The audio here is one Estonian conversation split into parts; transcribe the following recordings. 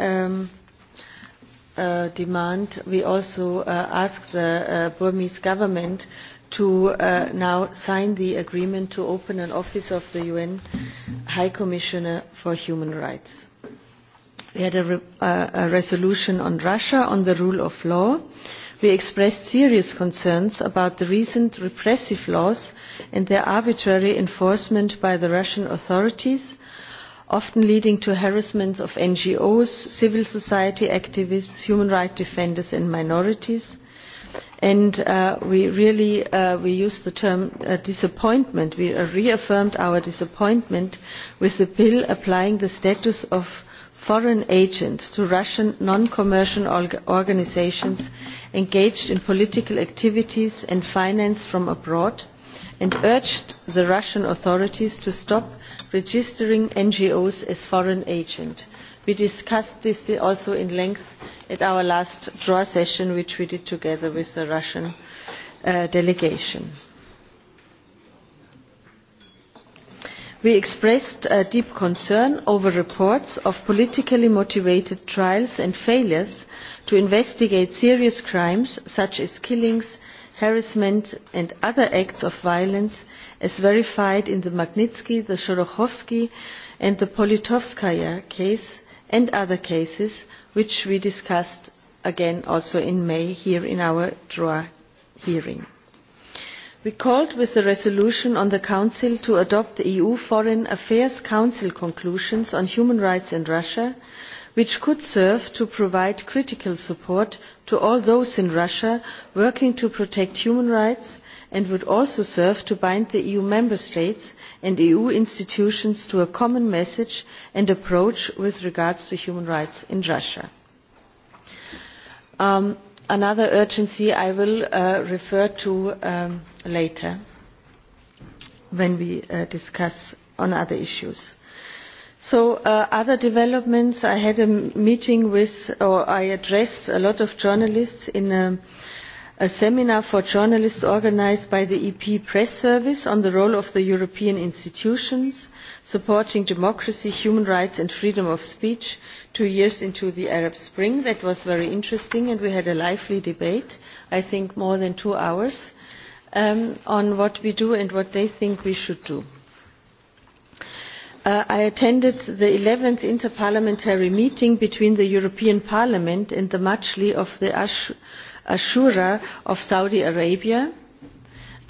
um, uh, demand, we also uh, ask the uh, Burmese government to uh, now sign the agreement to open an office of the UN High Commissioner for Human Rights. We had a, re uh, a resolution on Russia on the rule of law. We expressed serious concerns about the recent repressive laws and their arbitrary enforcement by the Russian authorities often leading to harassment of ngos civil society activists human rights defenders and minorities and uh, we really uh, we used the term uh, disappointment we reaffirmed our disappointment with the bill applying the status of foreign agent to russian non commercial org organisations engaged in political activities and financed from abroad and urged the russian authorities to stop registering ngos as foreign agents. we discussed this also at length at our last draw session which we did together with the russian uh, delegation. we expressed a uh, deep concern over reports of politically motivated trials and failures to investigate serious crimes such as killings harassment and other acts of violence as verified in the magnitsky the shorokhovsky and the politovskaya case and other cases which we discussed again also in may here in our draw hearing. we called with the resolution on the council to adopt the eu foreign affairs council conclusions on human rights in russia which could serve to provide critical support to all those in russia working to protect human rights and would also serve to bind the eu member states and eu institutions to a common message and approach with regard to human rights in russia. Um, another urgency i will uh, refer to um, later when we uh, discuss other issues. So uh, other developments, I had a meeting with, or I addressed a lot of journalists in a, a seminar for journalists organized by the EP Press Service on the role of the European institutions supporting democracy, human rights and freedom of speech two years into the Arab Spring. That was very interesting and we had a lively debate, I think more than two hours, um, on what we do and what they think we should do. Uh, i attended the eleventh interparliamentary meeting between the european parliament and the majlis of the ashura of saudi arabia.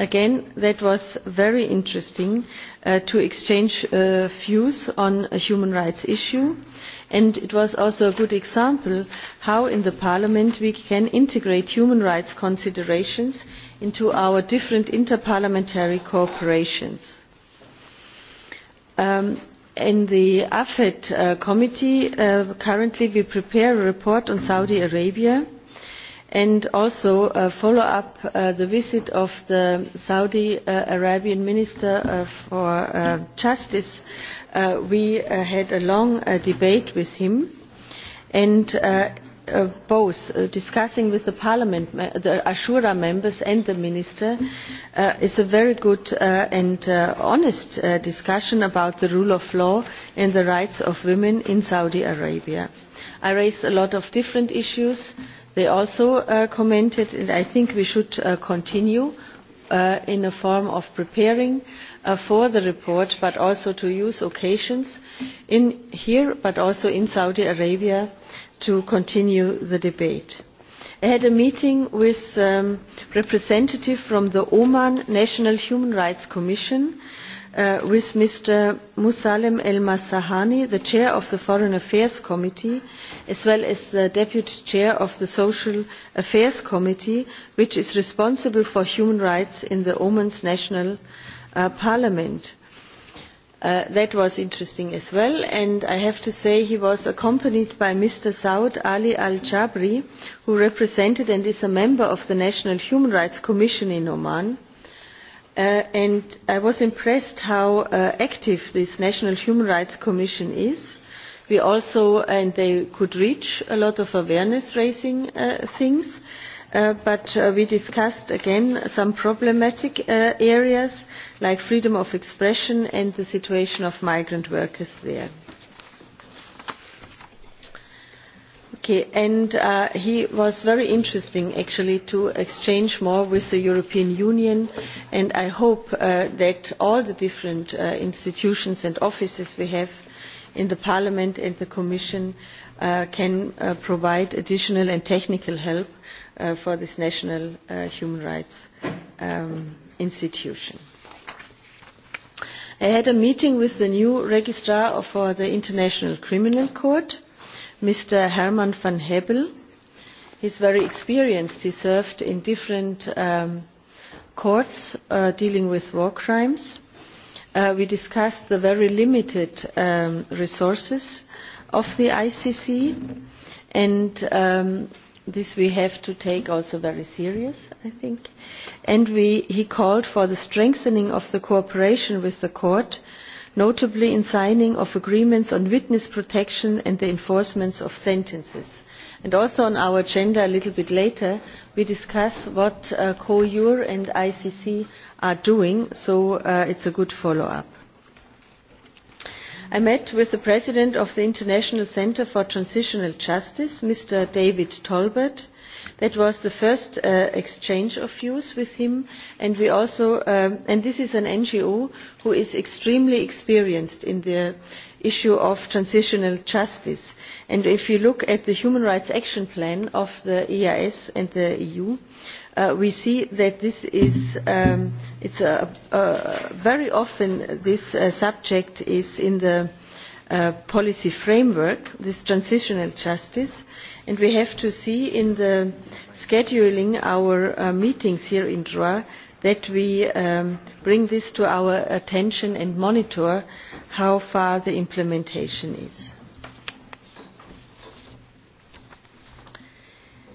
again that was very interesting uh, to exchange uh, views on a human rights issue and it was also a good example of how in the parliament we can integrate human rights considerations into our different interparliamentary cooperations Um, in the AFED uh, committee, uh, currently we prepare a report on Saudi Arabia and also uh, follow up uh, the visit of the Saudi uh, Arabian Minister uh, for uh, Justice. Uh, we uh, had a long uh, debate with him and uh, uh, both uh, discussing with the parliament, the Ashura members and the minister uh, is a very good uh, and uh, honest uh, discussion about the rule of law and the rights of women in Saudi Arabia. I raised a lot of different issues. They also uh, commented, and I think we should uh, continue uh, in a form of preparing uh, for the report, but also to use occasions in here, but also in Saudi Arabia, to continue the debate. I had a meeting with um, representative from the Oman National Human Rights Commission uh, with Mr. Musalem El Masahani, the chair of the Foreign Affairs Committee, as well as the deputy chair of the Social Affairs Committee, which is responsible for human rights in the Oman's national uh, parliament. Uh, Uh, that was interesting as well and i have to say he was accompanied by mr saud ali al jabri who represented and is a member of the national human rights commission in oman uh, and i was impressed how uh, active this national human rights commission is we also and they could reach a lot of awareness raising uh, things and uh, but uh, we discussed again some problematic uh, areas like freedom of expression and the situation of migrant workers there. Okay, and uh, he was very interesting actually to exchange more with the European Union and I hope uh, that all the different uh, institutions and offices we have in the Parliament and the Commission uh, can uh, provide additional and technical help uh, uh, for this national uh, human rights um, institution. I had a meeting with the new registrar for the International Criminal Court, Mr. Herman van Hebel. He's very experienced. He served in different um, courts uh, dealing with war crimes. Uh, we discussed the very limited um, resources of the ICC and um, this we have to take also very serious, I think. And we, he called for the strengthening of the cooperation with the court, notably in signing of agreements on witness protection and the enforcement of sentences. And also on our agenda a little bit later, we discuss what uh, COUR and ICC are doing, so uh, it's a good follow-up i met with the president of the international centre for transitional justice mr david tolbert that was the first uh, exchange of views with him and we also um, and this is an ngo who is extremely experienced in the issue of transitional justice and if you look at the human rights action plan of the eeas and the eu uh, we see that this is um, it's a, a very often this uh, subject is in the uh, policy framework, this transitional justice, and we have to see in the scheduling our uh, meetings here in Droit that we um, bring this to our attention and monitor how far the implementation is.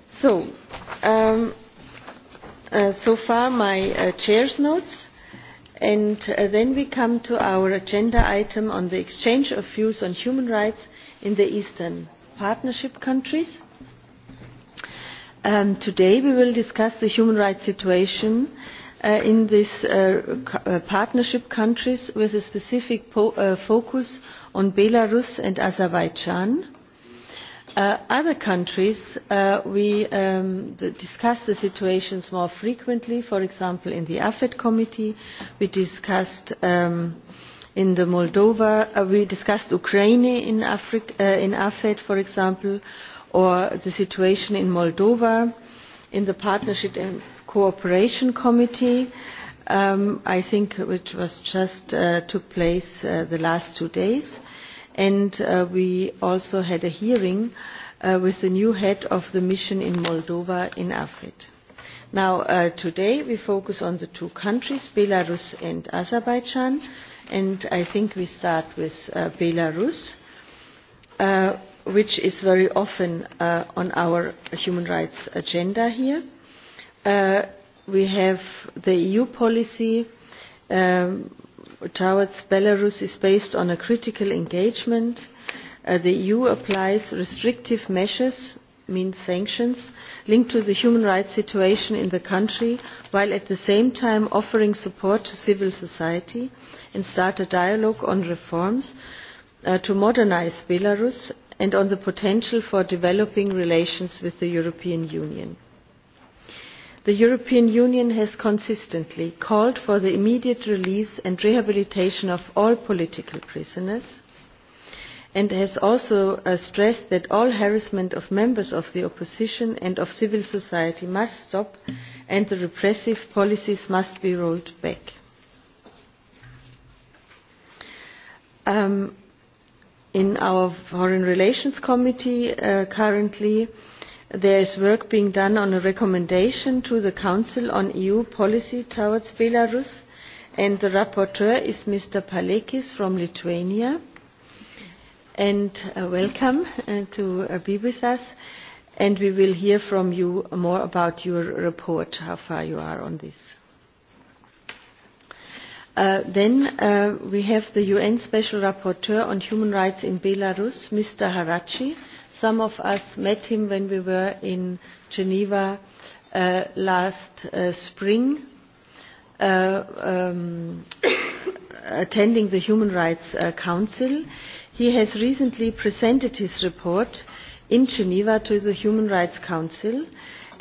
So, um, Uh, so far my uh, chair's notes and uh, then we come to our agenda item on the exchange of views on human rights in the eastern partnership countries. Um, today we will discuss the human rights situation uh, in these uh, uh, partnership countries with a specific po uh, focus on Belarus and Azerbaijan Uh, other countries uh, we um, discuss the situations more frequently for example in the afet committee we discussed um, in the moldova uh, we discussed ukraine in, Afri- uh, in afet for example or the situation in moldova in the partnership and cooperation committee um, i think which was just uh, took place uh, the last two days and uh, we also had a hearing uh, with the new head of the mission in Moldova in AFED. Now, uh, today we focus on the two countries, Belarus and Azerbaijan, and I think we start with uh, Belarus, uh, which is very often uh, on our human rights agenda here. Uh, we have the EU policy um, towards Belarus is based on a critical engagement. Uh, the EU applies restrictive measures, means sanctions, linked to the human rights situation in the country, while at the same time offering support to civil society and start a dialogue on reforms uh, to modernize Belarus and on the potential for developing relations with the European Union the european union has consistently called for the immediate release and rehabilitation of all political prisoners and has also uh, stressed that all harassment of members of the opposition and of civil society must stop and the repressive policies must be rolled back. Um, in our foreign relations committee uh, currently uh, there is work being done on a recommendation to the council on eu policy towards belarus and the rapporteur is mr paleckis from lithuania and uh, welcome uh, to uh, be with us and we will hear from you more about your report how far you are on this uh, then uh, we have the UN Special Rapporteur on Human Rights in Belarus, Mr. Harachi. Uh, Some of us met him when we were in Geneva uh, last uh, spring, uh, um, attending the Human Rights uh, Council. He has recently presented his report in Geneva to the Human Rights Council,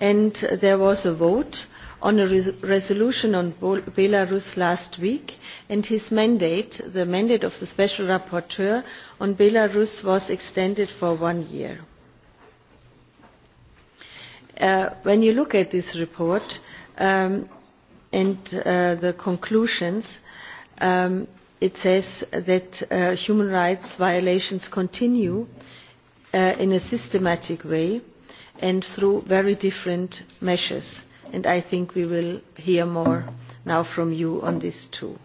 and there was a vote. Uh, on a res resolution on Bol Belarus last week, and his mandate, the mandate of the Special Rapporteur on Belarus, was extended for one year. Uh, when you look at this report um, and uh, the conclusions, um, it says that uh, human rights violations continue uh, in a systematic way and through very different measures and I think we will hear more now from you on this too.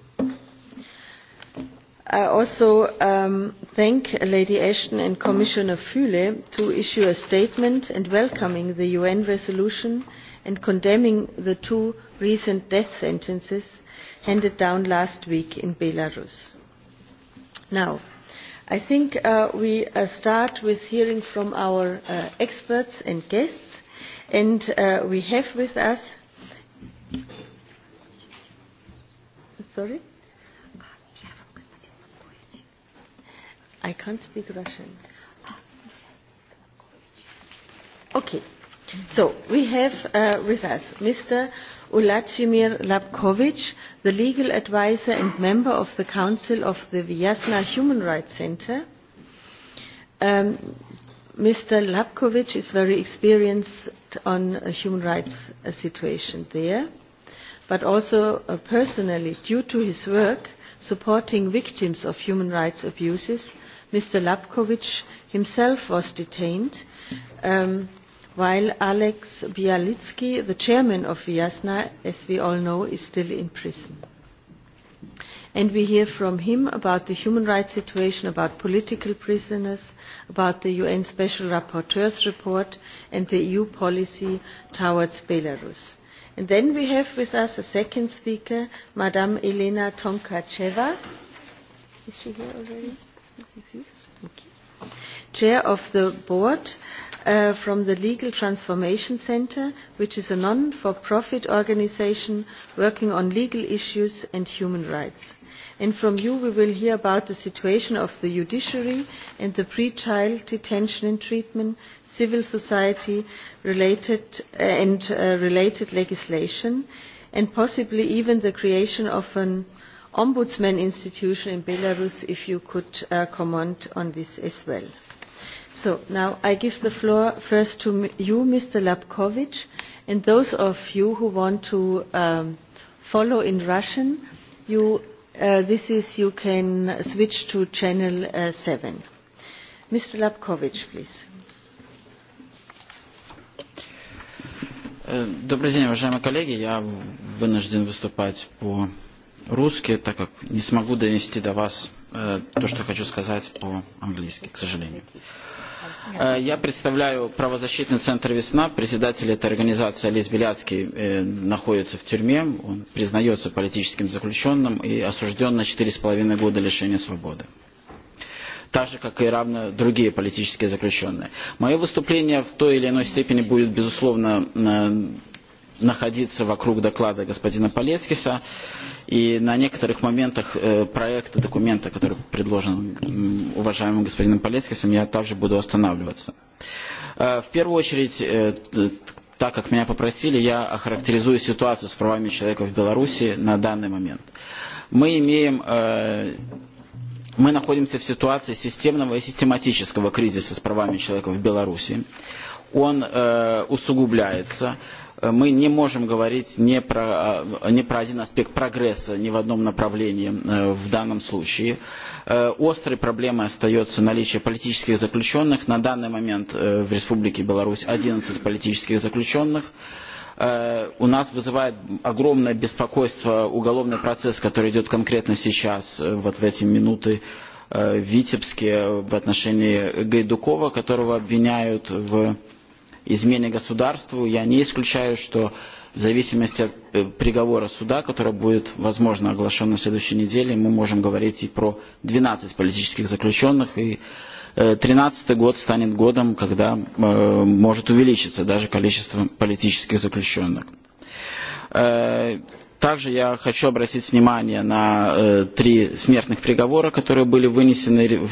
I also um, thank Lady Ashton and Commissioner Füle to issue a statement and welcoming the UN resolution and condemning the two recent death sentences handed down last week in Belarus. Now, I think uh, we uh, start with hearing from our uh, experts and guests. And uh, we have with us. Sorry? I can't speak Russian. Okay. So we have uh, with us Mr. Ulachimir Lapkovich, the legal advisor and member of the Council of the Vyazna Human Rights Center. Um, Mr. Lapkovic is very experienced on a uh, human rights uh, situation there, but also uh, personally, due to his work supporting victims of human rights abuses, Mr. Lapkovic himself was detained, um, while Alex Bialitsky, the chairman of Vyazna, as we all know, is still in prison and we hear from him about the human rights situation, about political prisoners, about the UN Special Rapporteur's report and the EU policy towards Belarus. And then we have with us a second speaker, Madame Elena Tonkacheva. Is she here already? Okay. Chair of the board uh, from the Legal Transformation Center, which is a non-for-profit organization working on legal issues and human rights and from you we will hear about the situation of the judiciary and the pre-trial detention and treatment, civil society related uh, and uh, related legislation, and possibly even the creation of an ombudsman institution in Belarus, if you could uh, comment on this as well. So now I give the floor first to you, Mr. Lapkovich, and those of you who want to um, follow in Russian, you Uh, this is you can switch to channel uh, 7. Mr. Lapkovich, please. Uh, добрый день, уважаемые коллеги. Я вынужден выступать по-русски, так как не смогу донести до вас э, то, что хочу сказать по-английски, к сожалению. Э, Э, я представляю правозащитный центр «Весна». Председатель этой организации Олесь Беляцкий э, находится в тюрьме. Он признается политическим заключенным и осужден на 4,5 года лишения свободы так же, как и равно другие политические заключенные. Мое выступление в той или иной степени будет, безусловно, э, находиться вокруг доклада господина Полецкиса. И на некоторых моментах э, проекта документа, который предложен уважаемым господином Полецкисом, я также буду останавливаться. Э, в первую очередь, э, так как меня попросили, я охарактеризую ситуацию с правами человека в Беларуси на данный момент. Мы имеем мы находимся в ситуации системного и систематического кризиса с правами человека в Беларуси. Он э, усугубляется. Э, мы не можем говорить не про, э, не про один аспект прогресса ни в одном направлении э, в данном случае. Острой проблемой остается наличие политических заключенных. На данный момент в Республике Беларусь 11 политических заключенных у нас вызывает огромное беспокойство уголовный процесс, который идет конкретно сейчас, вот в эти минуты, в Витебске в отношении Гайдукова, которого обвиняют в измене государству. Я не исключаю, что в зависимости от э, приговора суда, который будет, возможно, оглашен на следующей неделе, мы можем говорить и про 12 политических заключенных, и 2013 э, год станет годом, когда э, может увеличиться даже количество политических заключенных. Э, также я хочу обратить внимание на э, три смертных приговора, которые были вынесены в,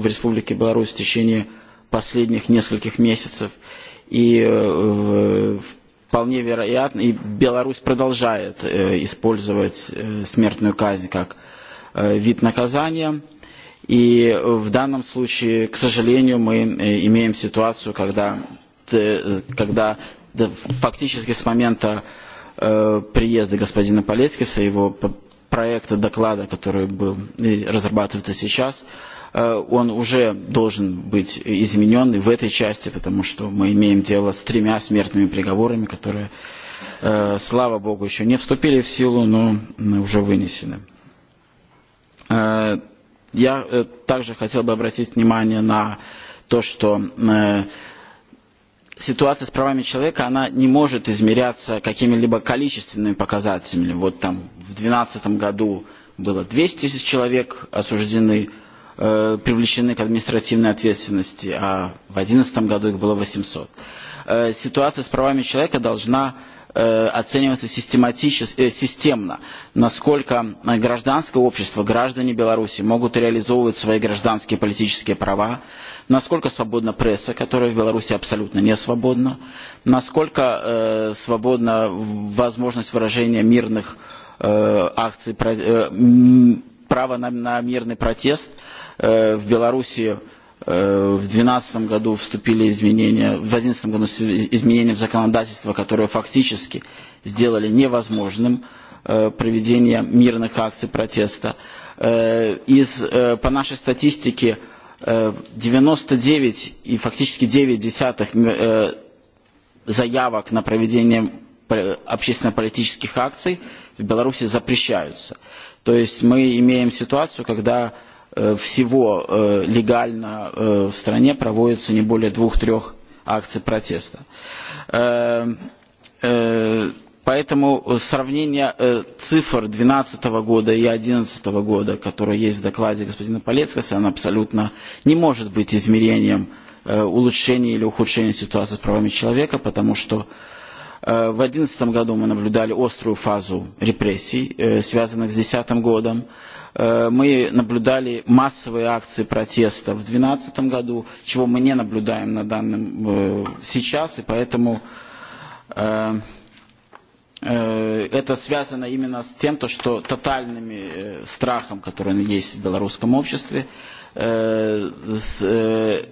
в Республике Беларусь в течение последних нескольких месяцев. Э, и э, вполне вероятно, и Беларусь продолжает э, использовать э, смертную казнь как э, вид наказания. И в данном случае, к сожалению, мы э, имеем ситуацию, когда, когда фактически с момента э, приезда господина Полецкиса, его проекта доклада, который был, э, разрабатывается сейчас, э, Э, он уже должен быть изменен в этой части, потому что мы имеем дело с тремя смертными приговорами, которые, э, слава богу, еще не вступили в силу, но уже вынесены. Э, я также хотел бы обратить внимание на то, что ситуация с правами человека она не может измеряться какими либо количественными показателями вот там в двенадцатом году было двести тысяч человек осуждены э, привлечены к административной ответственности, а в 2011 году их было 800. Э, ситуация с правами человека должна э, оцениваться систематически, э, системно, насколько э, гражданское общество, граждане Беларуси могут реализовывать свои гражданские политические права, насколько свободна пресса, которая в Беларуси абсолютно не свободна, насколько э, свободна возможность выражения мирных э, акций, э, право на, на мирный протест. Э, в Беларуси э, в 2012 году вступили изменения, в 2011 году изменения в законодательство, которые фактически сделали невозможным э, проведение мирных акций протеста. Э, из, э, по нашей статистике э, 99 и фактически 9 десятых э, заявок на проведение общественно-политических акций в Беларуси запрещаются. То есть мы имеем ситуацию, когда э, всего э, легально э, в стране проводится не более двух-трех акций протеста. Поэтому сравнение цифр 2012 года и 2011 года, которые есть в докладе господина Полецкаса, оно абсолютно не может быть измерением улучшения или ухудшения ситуации с правами человека, потому что э, Э, в 2011 году мы наблюдали острую фазу репрессий, э, связанных с 2010 годом. Э, мы наблюдали массовые акции протеста в 2012 году, чего мы не наблюдаем на данном сейчас, и поэтому это связано именно с тем, то, что тотальным страхом, который есть в белорусском обществе, с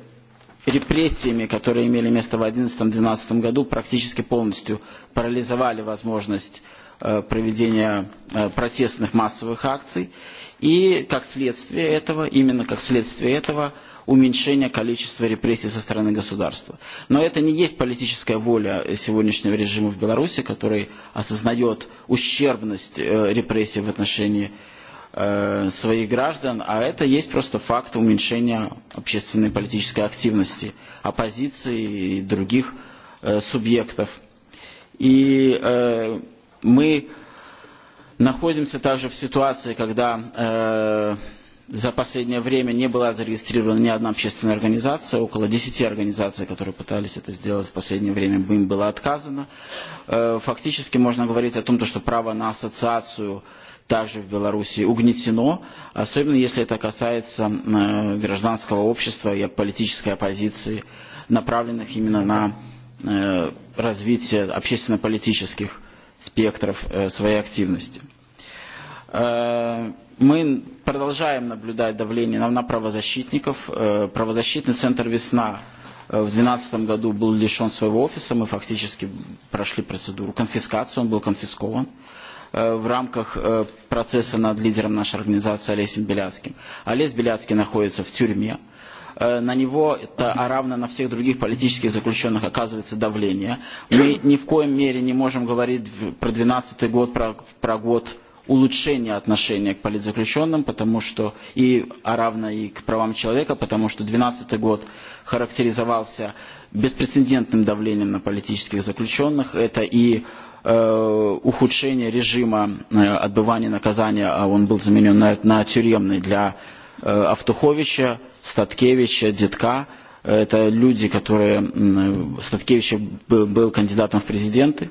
репрессиями, которые имели место в 2011-2012 году, практически полностью парализовали возможность э, проведения э, протестных массовых акций. И как следствие этого, именно как следствие этого, уменьшение количества репрессий со стороны государства. Но это не есть политическая воля сегодняшнего режима в Беларуси, который осознает ущербность э, репрессий в отношении Э, своих граждан, а это есть просто факт уменьшения общественной политической активности, оппозиции и других э, субъектов. И э, мы находимся также в ситуации, когда э, за последнее время не была зарегистрирована ни одна общественная организация, около 10 организаций, которые пытались это сделать в последнее время, им было отказано. Э, фактически можно говорить о том, что право на ассоциацию э, также в Беларуси угнетено, особенно если это касается э, гражданского общества и политической оппозиции, направленных именно на э, развитие общественно-политических спектров э, своей активности. Мы продолжаем наблюдать давление на правозащитников. Правозащитный центр «Весна» в 2012 году был лишен своего офиса. Мы фактически прошли процедуру конфискации, он был конфискован. Uh, Э, в рамках э, процесса над лидером нашей организации Олесем Беляцким. Олесь Беляцкий находится в тюрьме. Э, на него, а равно на всех других политических заключенных, оказывается давление. Мы ни в коем мере не можем говорить про 2012 год, про, про год улучшения отношения к политзаключенным, потому что и а равно и к правам человека, потому что 2012 год характеризовался беспрецедентным давлением на политических заключенных. Это и э, ухудшение режима э, отбывания наказания, а он был заменен на, на тюремный для э, Автуховича, Статкевича, Детка. Это люди, которые... Э, Статкевич был, был кандидатом в президенты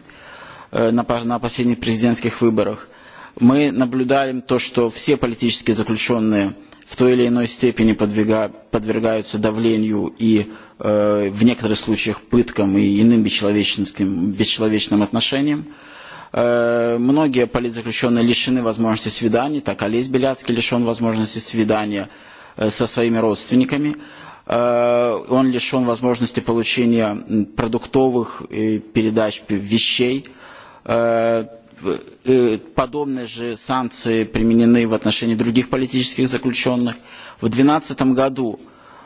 э, на, на последних президентских выборах – мы наблюдаем то, что все политические заключенные в той или иной степени подвига, подвергаются давлению и э, в некоторых случаях пыткам и иным бесчеловечным, бесчеловечным отношениям. Э, многие политзаключенные лишены возможности свиданий, так Олесь Беляцкий лишен возможности свидания э, со своими родственниками. Э, он лишен возможности получения продуктовых э, передач вещей. Э, Э, подобные же санкции применены в отношении других политических заключенных. В 2012 году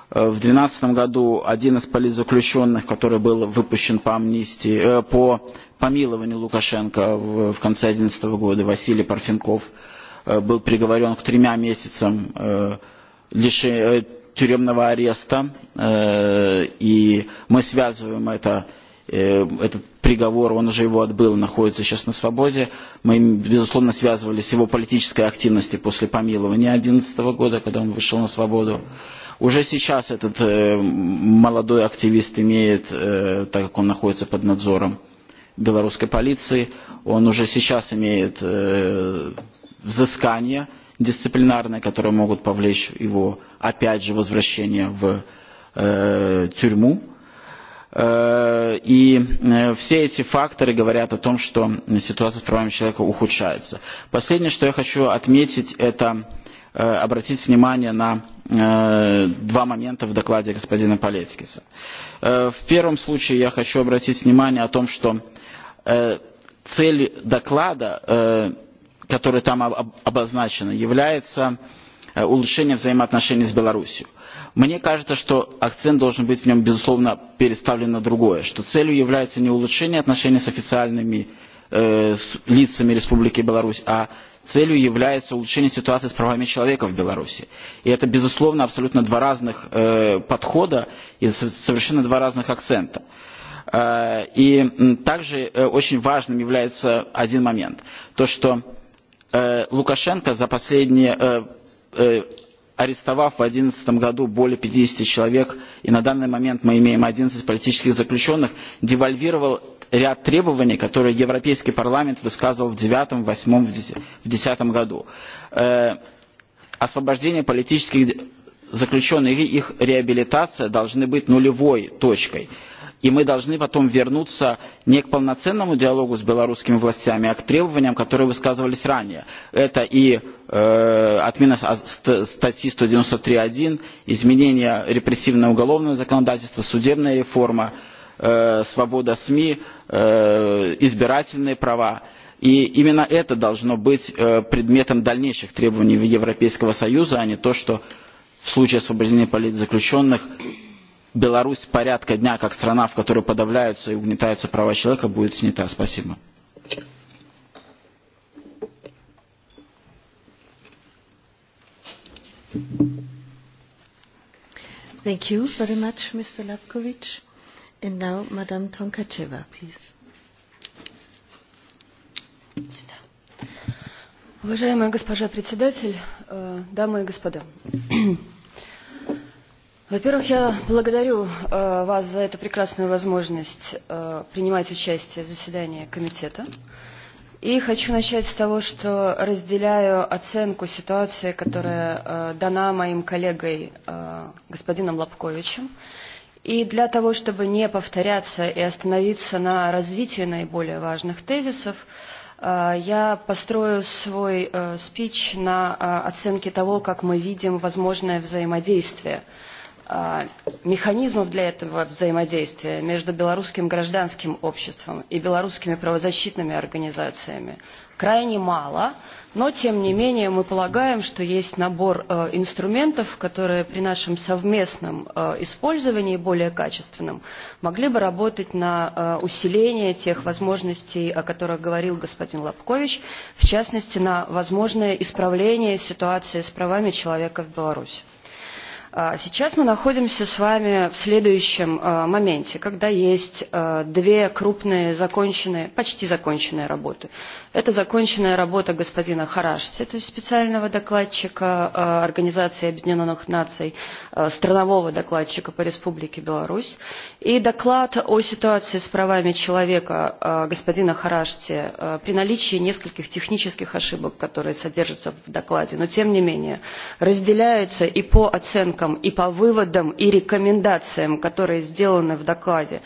э, в 2012 году один из политзаключенных, который был выпущен по амнистии, э, по помилованию Лукашенко в конце 2011 года, Василий Парфенков, был приговорен к тремя месяцам лиши, тюремного ареста. И мы связываем это Э, этот приговор, он уже его отбыл, находится сейчас на свободе. Мы, безусловно, связывали с его политической активностью после помилования 2011 года, когда он вышел на свободу. Уже сейчас этот э, молодой активист имеет, э, так как он находится под надзором белорусской полиции, он уже сейчас имеет э, взыскание дисциплинарное, которое могут повлечь его, опять же, возвращение в э, тюрьму Э, и э, все эти факторы говорят о том, что ситуация с правами человека ухудшается. Последнее, что я хочу отметить, это э, обратить внимание на два момента в докладе господина Полецкиса. В первом случае я хочу обратить внимание о том, что цель доклада, которая там обозначена, является улучшение взаимоотношений с Беларусью. Мне кажется, что акцент должен быть в нем, безусловно, переставлен на другое, что целью является не улучшение отношений с официальными э, с лицами Республики Беларусь, а целью является улучшение ситуации с правами человека в Беларуси. И это, безусловно, абсолютно два разных э, подхода и совершенно два разных акцента. Э, и также э, очень важным является один момент. То, что э, Лукашенко за последние... Э, э, арестовав в 2011 году более 50 человек, и на данный момент мы имеем 11 политических заключенных, девальвировал ряд требований, которые Европейский парламент высказывал в 2009, 2008, 2010 году. Э, освобождение политических заключенных и их реабилитация должны быть нулевой точкой. Э, и мы должны потом вернуться не к полноценному диалогу с белорусскими властями, а к требованиям, которые высказывались ранее. Это и э, отмена статьи 193.1, изменение репрессивного уголовного законодательства, судебная реформа, э, свобода СМИ, э, избирательные права. И именно это должно быть э, предметом дальнейших требований Европейского Союза, а не то, что в случае освобождения политзаключенных Беларусь порядка дня, как страна, в которой подавляются и угнетаются права человека, будет снята. Спасибо. Thank you very much, Mr. Lapkovich. And now, Madame Tonkacheva, please. Уважаемая госпожа председатель, э, дамы и господа, во первых я благодарю э, вас за эту прекрасную возможность э, принимать участие в заседании комитета и хочу начать с того что разделяю оценку ситуации которая э, дана моим коллегой э, господином лобковичем и для того чтобы не повторяться и остановиться на развитии наиболее важных тезисов э, я построю свой э, спич на э, оценке того как мы видим возможное взаимодействие э, механизмов для этого взаимодействия между белорусским гражданским обществом и белорусскими правозащитными организациями крайне мало но тем не менее мы полагаем что есть набор э, инструментов которые при нашем совместном э, использовании более качественном могли бы работать на э, усиление тех возможностей о которых говорил господин лобкович в частности на возможное исправление ситуации с правами человека в беларуси Сейчас мы находимся с вами в следующем моменте, когда есть две крупные законченные, почти законченные работы. Это законченная работа господина Харашти, то есть специального докладчика Организации Объединенных Наций, странового докладчика по Республике Беларусь, и доклад о ситуации с правами человека господина Харашти при наличии нескольких технических ошибок, которые содержатся в докладе, но тем не менее разделяются и по оценкам оценкам и по выводам и рекомендациям которые сделаны в докладе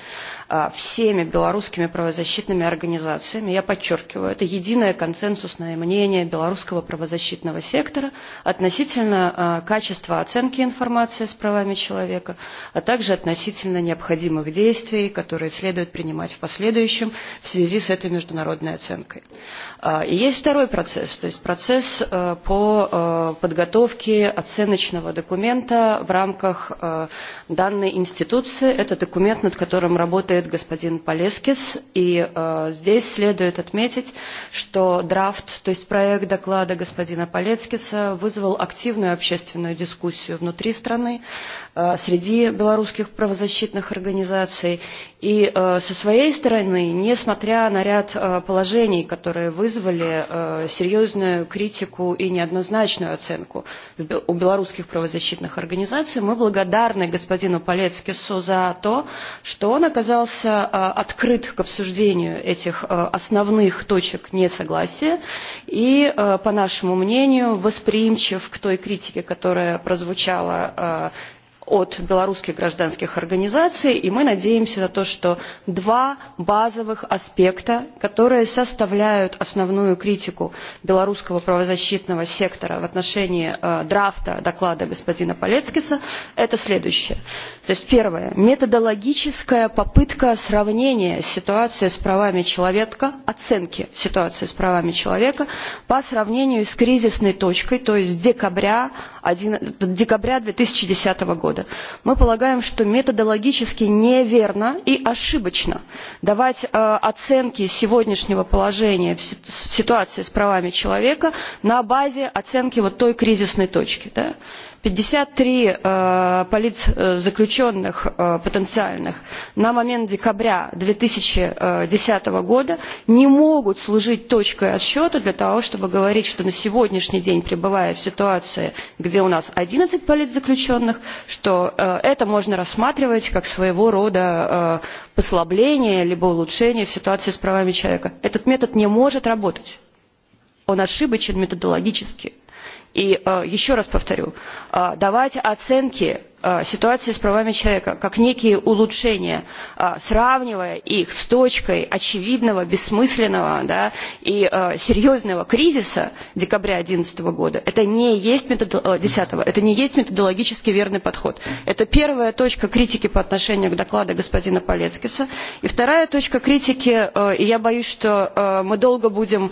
Э, всеми белорусскими правозащитными организациями я подчеркиваю это единое консенсусное мнение белорусского правозащитного сектора относительно э, качества оценки информации с правами человека а также относительно необходимых действий которые следует принимать в последующем в связи с этой международной оценкой. Э, и есть второй процесс то есть процесс по подготовке оценочного документа в рамках данной институции это документ над которым работает работает господин Полескис, и э, здесь следует отметить, что драфт, то есть проект доклада господина Полескиса вызвал активную общественную дискуссию внутри страны, Э, среди белорусских правозащитных организаций. И э, со своей стороны, несмотря на ряд э, положений, которые вызвали серьезную критику и неоднозначную оценку у белорусских правозащитных организаций, мы благодарны господину Полецкису за то, что он оказался открыт к обсуждению этих основных точек несогласия и, по нашему мнению, восприимчив к той критике, которая прозвучала от белорусских гражданских организаций и мы надеемся на то что два базовых аспекта которые составляют основную критику белорусского правозащитного сектора в отношении э, драфта доклада господина палецкиса это следующее то есть первое методологическая попытка сравнения ситуации с правами человека оценки ситуации с правами человека по сравнению с кризисной точкой то есть декабря 1, декабря 2010 года. Мы полагаем, что методологически неверно и ошибочно давать э, оценки сегодняшнего положения в ситуации с правами человека на базе оценки вот той кризисной точки. Да? пятьдесят три э, политзаключенных э, потенциальных на момент декабря две тысячи десятого года не могут служить точкой отсчета для того чтобы говорить что на сегодняшний день пребывая в ситуации где у нас одиннадцать политзаключенных что э, это можно рассматривать как своего рода послабление либо улучшение в ситуации с правами человека. этот метод не может работать он ошибочен методологически И э, еще раз повторю, э, давать оценки э, ситуации с правами человека как некие улучшения, сравнивая их с точкой очевидного, бессмысленного да, и серьезного кризиса декабря 2011 года, это не есть, методо... 10 это не есть методологически верный подход. Это первая точка критики по отношению к докладу господина Полецкиса. И вторая точка критики, и я боюсь, что мы долго будем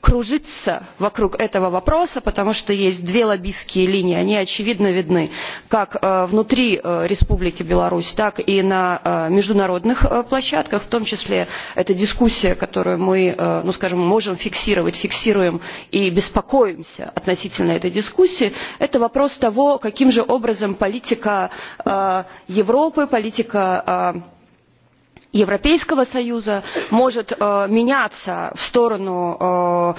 кружиться вокруг этого вопроса потому что есть две лоббистские линии они очевидно видны как э, внутри э, республики беларусь так и на э, международных площадках в том числе это дискуссия которую мы ну скажем можем фиксировать фиксируем и беспокоимся относительно этой дискуссии это вопрос того каким же образом политика европы политика европейского союза может э, меняться в сторону э,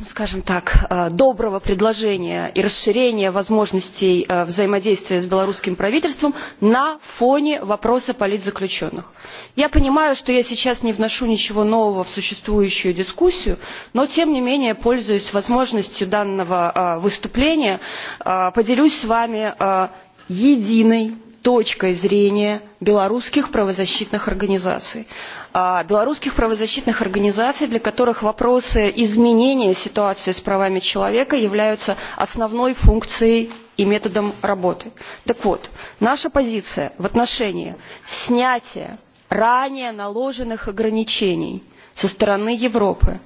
ну, скажем так э, доброго предложения и расширения возможностей э, взаимодействия с белорусским правительством на фоне вопроса политзаключенных. я понимаю что я сейчас не вношу ничего нового в существующую дискуссию но тем не менее пользуясь возможностью данного э, выступления э, поделюсь с вами единой точкой зрения белорусских правозащитных организаций. Белорусских правозащитных организаций, для которых вопросы изменения ситуации с правами человека являются основной функцией и методом работы. Так вот, наша позиция в отношении снятия ранее наложенных ограничений со стороны Европы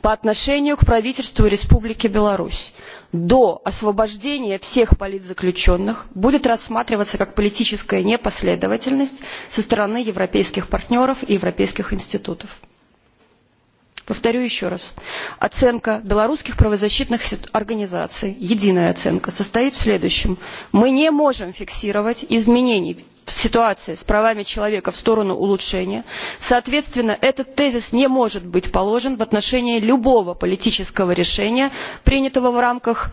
по отношению к правительству Республики Беларусь до освобождения всех политзаключенных будет рассматриваться как политическая непоследовательность со стороны европейских партнеров и европейских институтов. Повторю еще раз. Оценка белорусских правозащитных организаций, единая оценка, состоит в следующем. Мы не можем фиксировать изменений ситуации с правами человека в сторону улучшения соответственно этот тезис не может быть положен в отношении любого политического решения принятого в рамках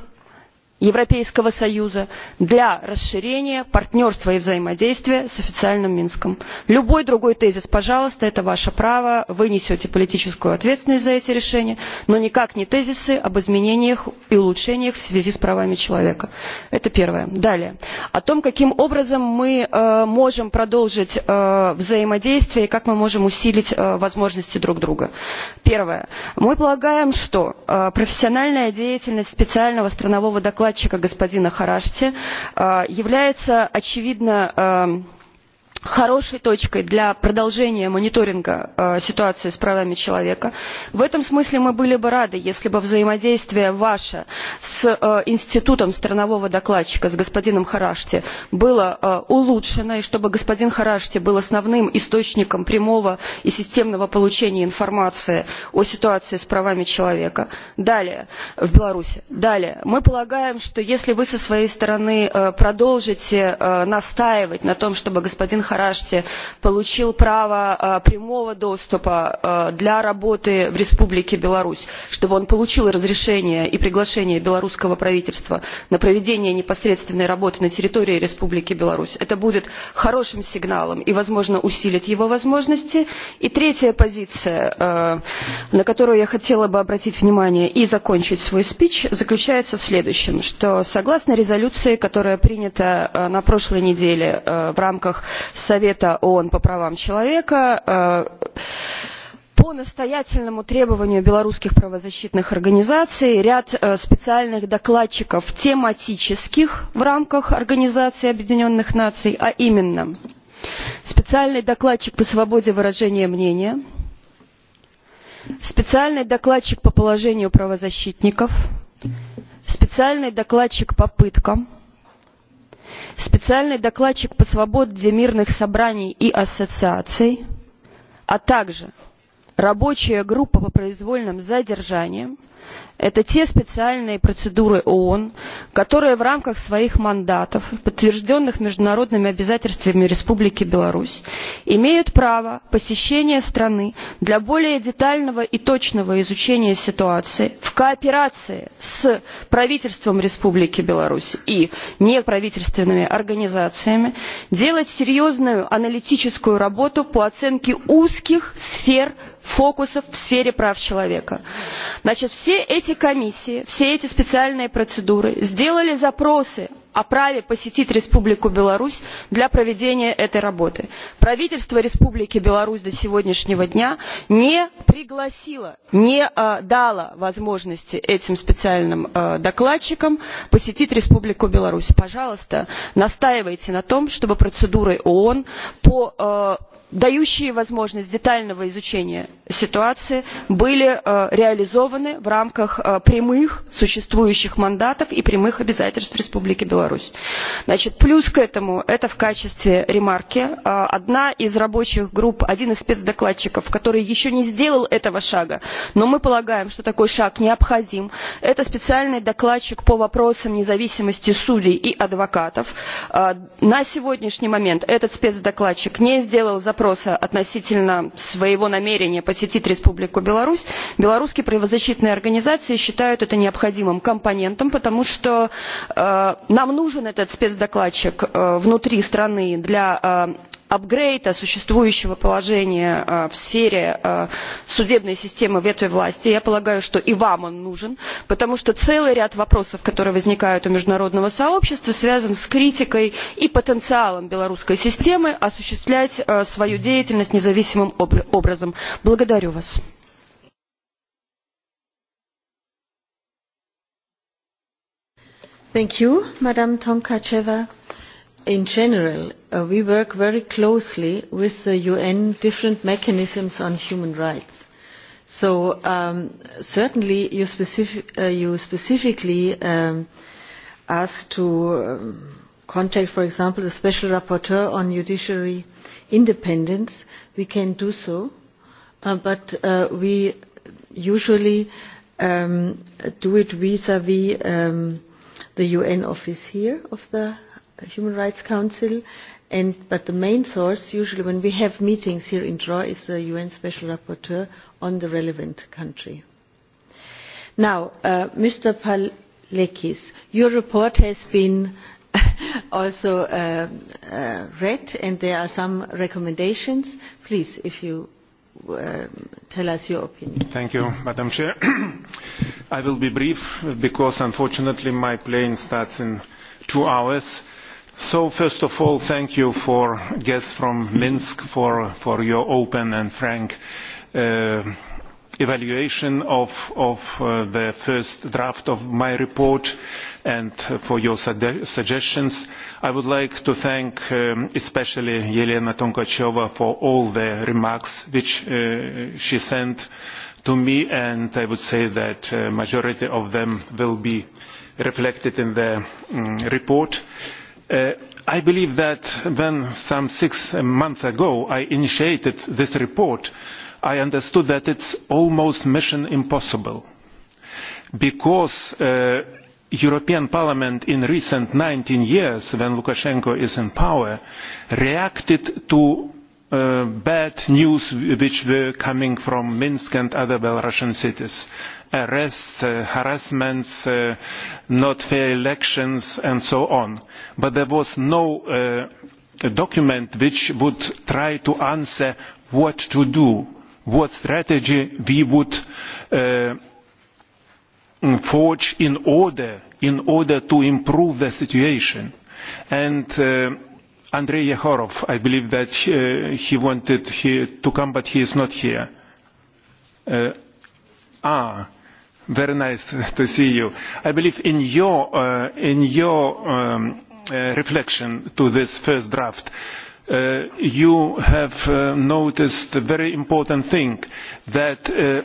европейского союза для расширения партнерства и взаимодействия с официальным минском. любой другой тезис пожалуйста это ваше право вы несете политическую ответственность за эти решения но никак не тезисы об изменениях и улучшениях в связи с правами человека. это первое. далее о том каким образом мы э, можем продолжить э, взаимодействие и как мы можем усилить э, возможности друг друга. первое мы полагаем что э, профессиональная деятельность специального странового докладчика докладчика господина харашти является очевидно хорошей точкой для продолжения мониторинга э, ситуации с правами человека. В этом смысле мы были бы рады, если бы взаимодействие ваше с э, институтом странового докладчика, с господином Харашти, было э, улучшено, и чтобы господин Харашти был основным источником прямого и системного получения информации о ситуации с правами человека. Далее, в Беларуси. Далее, мы полагаем, что если вы со своей стороны э, продолжите э, настаивать на том, чтобы господин бахараште получил право э, прямого доступа э, для работы в республике беларусь чтобы он получил разрешение и приглашение белорусского правительства на проведение непосредственной работы на территории республики беларусь это будет хорошим сигналом и возможно усилит его возможности и третья позиция э, на которую я хотела бы обратить внимание и закончить свой спич заключается в следующем что согласно резолюции которая принята на прошлой неделе в рамках совета оон по правам человека э, по настоятельному требованию белорусских правозащитных организаций ряд э, специальных докладчиков тематических в рамках организации объединенных наций а именно специальный докладчик по свободе выражения мнения специальный докладчик по положению правозащитников специальный докладчик по пыткам специальный докладчик по свободе мирных собраний и ассоциаций а также рабочая группа по произвольным задержаниям это те специальные процедуры оон которые в рамках своих мандатов подтвержденных международными обязательствами республики беларусь имеют право посещения страны для более детального и точного изучения ситуации в кооперации с правительством республики беларусь и неправительственными организациями делать серьезную аналитическую работу по оценке узких сфер фокусов в сфере прав человека. значит все эти эти комиссии все эти специальные процедуры сделали запросы о праве посетить республику беларусь для проведения этой работы. правительство республики беларусь до сегодняшнего дня не пригласило не э, дало возможности этим специальным э, докладчикам посетить республику беларусь. пожалуйста настаивайте на том чтобы процедурой оон по э, дающие возможность детального изучения ситуации были э, реализованы в рамках э, прямых существующих мандатов и прямых обязательств республики беларусь. Значит, плюс к этому это в качестве ремарки э, одна из рабочих групп один из спецдокладчиков который еще не сделал этого шага но мы полагаем что такой шаг необходим это специальный докладчик по вопросам независимости судей и адвокатов на сегодняшний момент этот спецдокладчик не сделал запрос вопроса относительно своего намерения посетить республику беларусь белорусские правозащитные организации считают это необходимым компонентом потому что э, нам нужен этот спецдокладчик э, внутри страны для э, апгрейда существующего положения в сфере судебной системы ветви власти я полагаю что и вам он нужен потому что целый ряд вопросов которые возникают у международного сообщества связан с критикой и потенциалом белорусской системы осуществлять свою деятельность независимым образом. благодарю вас. Thank you, Madam Tonkacheva in general, uh, we work very closely with the UN different mechanisms on human rights. So um, certainly you, specific, uh, you specifically um, asked to um, contact, for example, the Special Rapporteur on Judiciary Independence. We can do so, uh, but uh, we usually um, do it vis-à-vis -vis, um, the UN office here of the Uh, Human Rights Council, and, but the main source, usually when we have meetings here in DRAW, is the UN Special Rapporteur on the relevant country. Now, uh, Mr. Palekis, your report has been also uh, uh, read, and there are some recommendations. Please, if you uh, tell us your opinion. Thank you, Madam Chair. I will be brief because, unfortunately, my plane starts in two hours So first of all, thank you for guests from Minsk for, for your open and frank uh, evaluation of, of uh, the first draft of my report and uh, for your suggestions. I would like to thank um, especially Yelena Tonkacheva for all the remarks which uh, she sent to me and I would say that uh, majority of them will be reflected in the um, report. Uh, Uh, i believe that when some six months ago i initiated this report i understood that it is almost mission impossible because the uh, european parliament in the recent nineteen years when lukashenko has been in power reacted to uh, bad news which were coming from Minsk and other Belarusian cities. Arrests, uh, harassments, uh, not fair elections and so on. But there was no uh, document which would try to answer what to do, what strategy we would uh, mm, forge in order, in order to improve the situation. And uh, Andrei Yehorov. I believe that uh, he wanted he, to come, but he is not here. Uh, ah, very nice to see you. I believe in your, uh, in your um, uh, reflection to this first draft, uh, you have uh, noticed a very important thing that uh,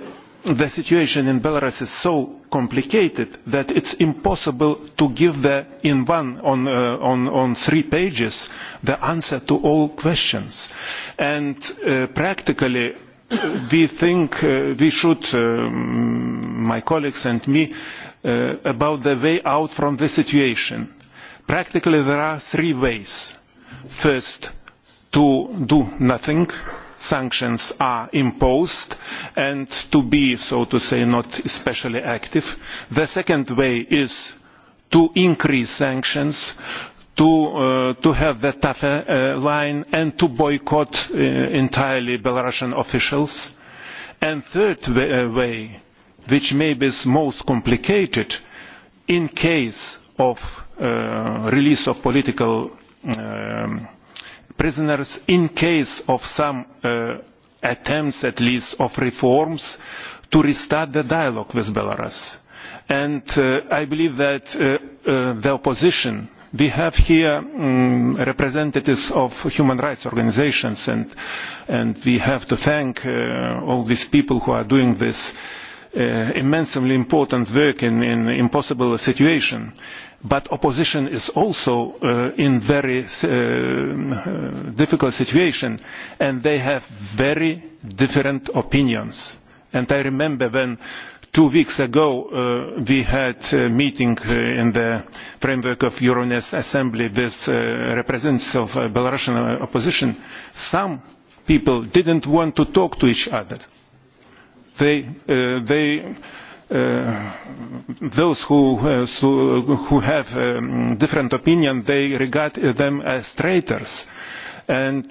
the situation in belarus is so complicated that it is impossible to give the, in one on, uh, on, on three pages the answer to all questions and uh, practically we think uh, we should um, my colleagues and me uh, about the way out from the situation practically there are three ways first to do nothing uh, sanctions are imposed and to be so to say not especially active. the second way is to increase sanctions to, uh, to have the tougher uh, line and to boycott uh, entirely Belarusian officials. And third way, uh, way, which maybe is most complicated, in case of uh, release of political um, prisoners in case of some uh, attempts at least of reforms to restart the dialogue with Belarus. And uh, I believe that uh, uh, the opposition we have here um, representatives of human rights organizations and, and we have to thank uh, all these people who are doing this uh, immensely important work in an impossible situation. Uh, but opposition is also uh, in very uh, difficult situation and they have very different opinions and i remember when two weeks ago uh, we had a meeting uh, in the framework of euronest assembly with uh, representatives of uh, belarusian uh, opposition some people didn't want to talk to each other they uh, they Uh, those who, uh, so, who have um, different opinion, they regard them as traitors. And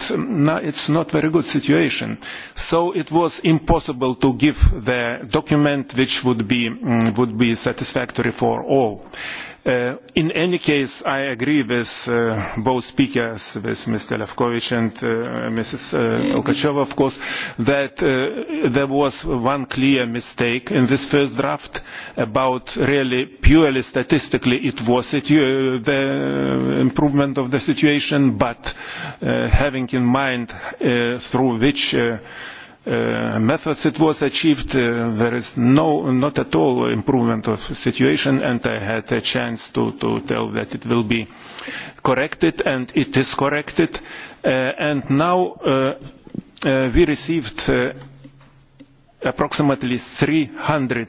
no, it's not very good situation. So it was impossible to give the document which would be, um, would be satisfactory for all. Uh, Uh, in any case i agree with uh, both speakers with mr lefkovi and uh, mrs ukacijeva uh, of course that uh, there was one clear mistake in this first draft about really purely statistically it was uh, the improvement of the situation but having in mind through which uh, methods it was achieved, uh, there is no, not at all improvement of situation and I had a chance to, to tell that it will be corrected and it is corrected. Uh, and now uh, uh, we received uh, approximately 300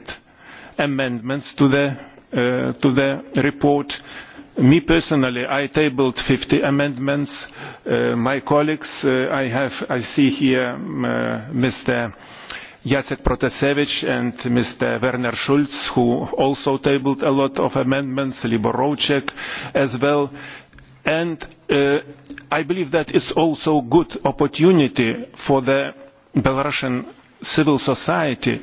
amendments to the, uh, to the report me personally i tabled fifty amendments uh, my colleagues uh, i have i see here um, uh, mr jacek protasevich and mr werner schulz who also tabled a lot of amendments libor rouek as well and uh, i believe that it is also a good opportunity for the belarusian civil society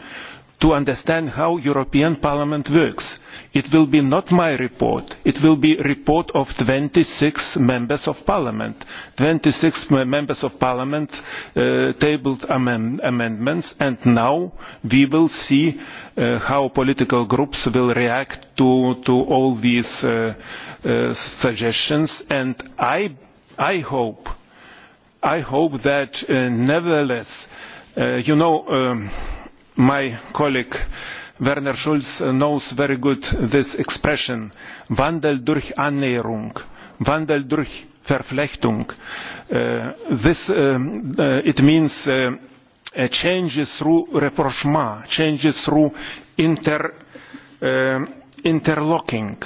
to understand how the european parliament works it will be not my report it will be the report of twenty six members of parliament. twenty six members of parliament uh, tabled amend amendments and now we will see uh, how political groups will react to, to all these uh, uh, suggestions and i, I hope I hope that uh, nevertheless, uh, you know, um, my colleague uh, Werner Schulz knows very good this expression, Wandel durch Annäherung, Wandel durch Verflechtung. Uh, this, um, uh, it means uh, uh, changes through rapprochement, changes through inter, uh, interlocking.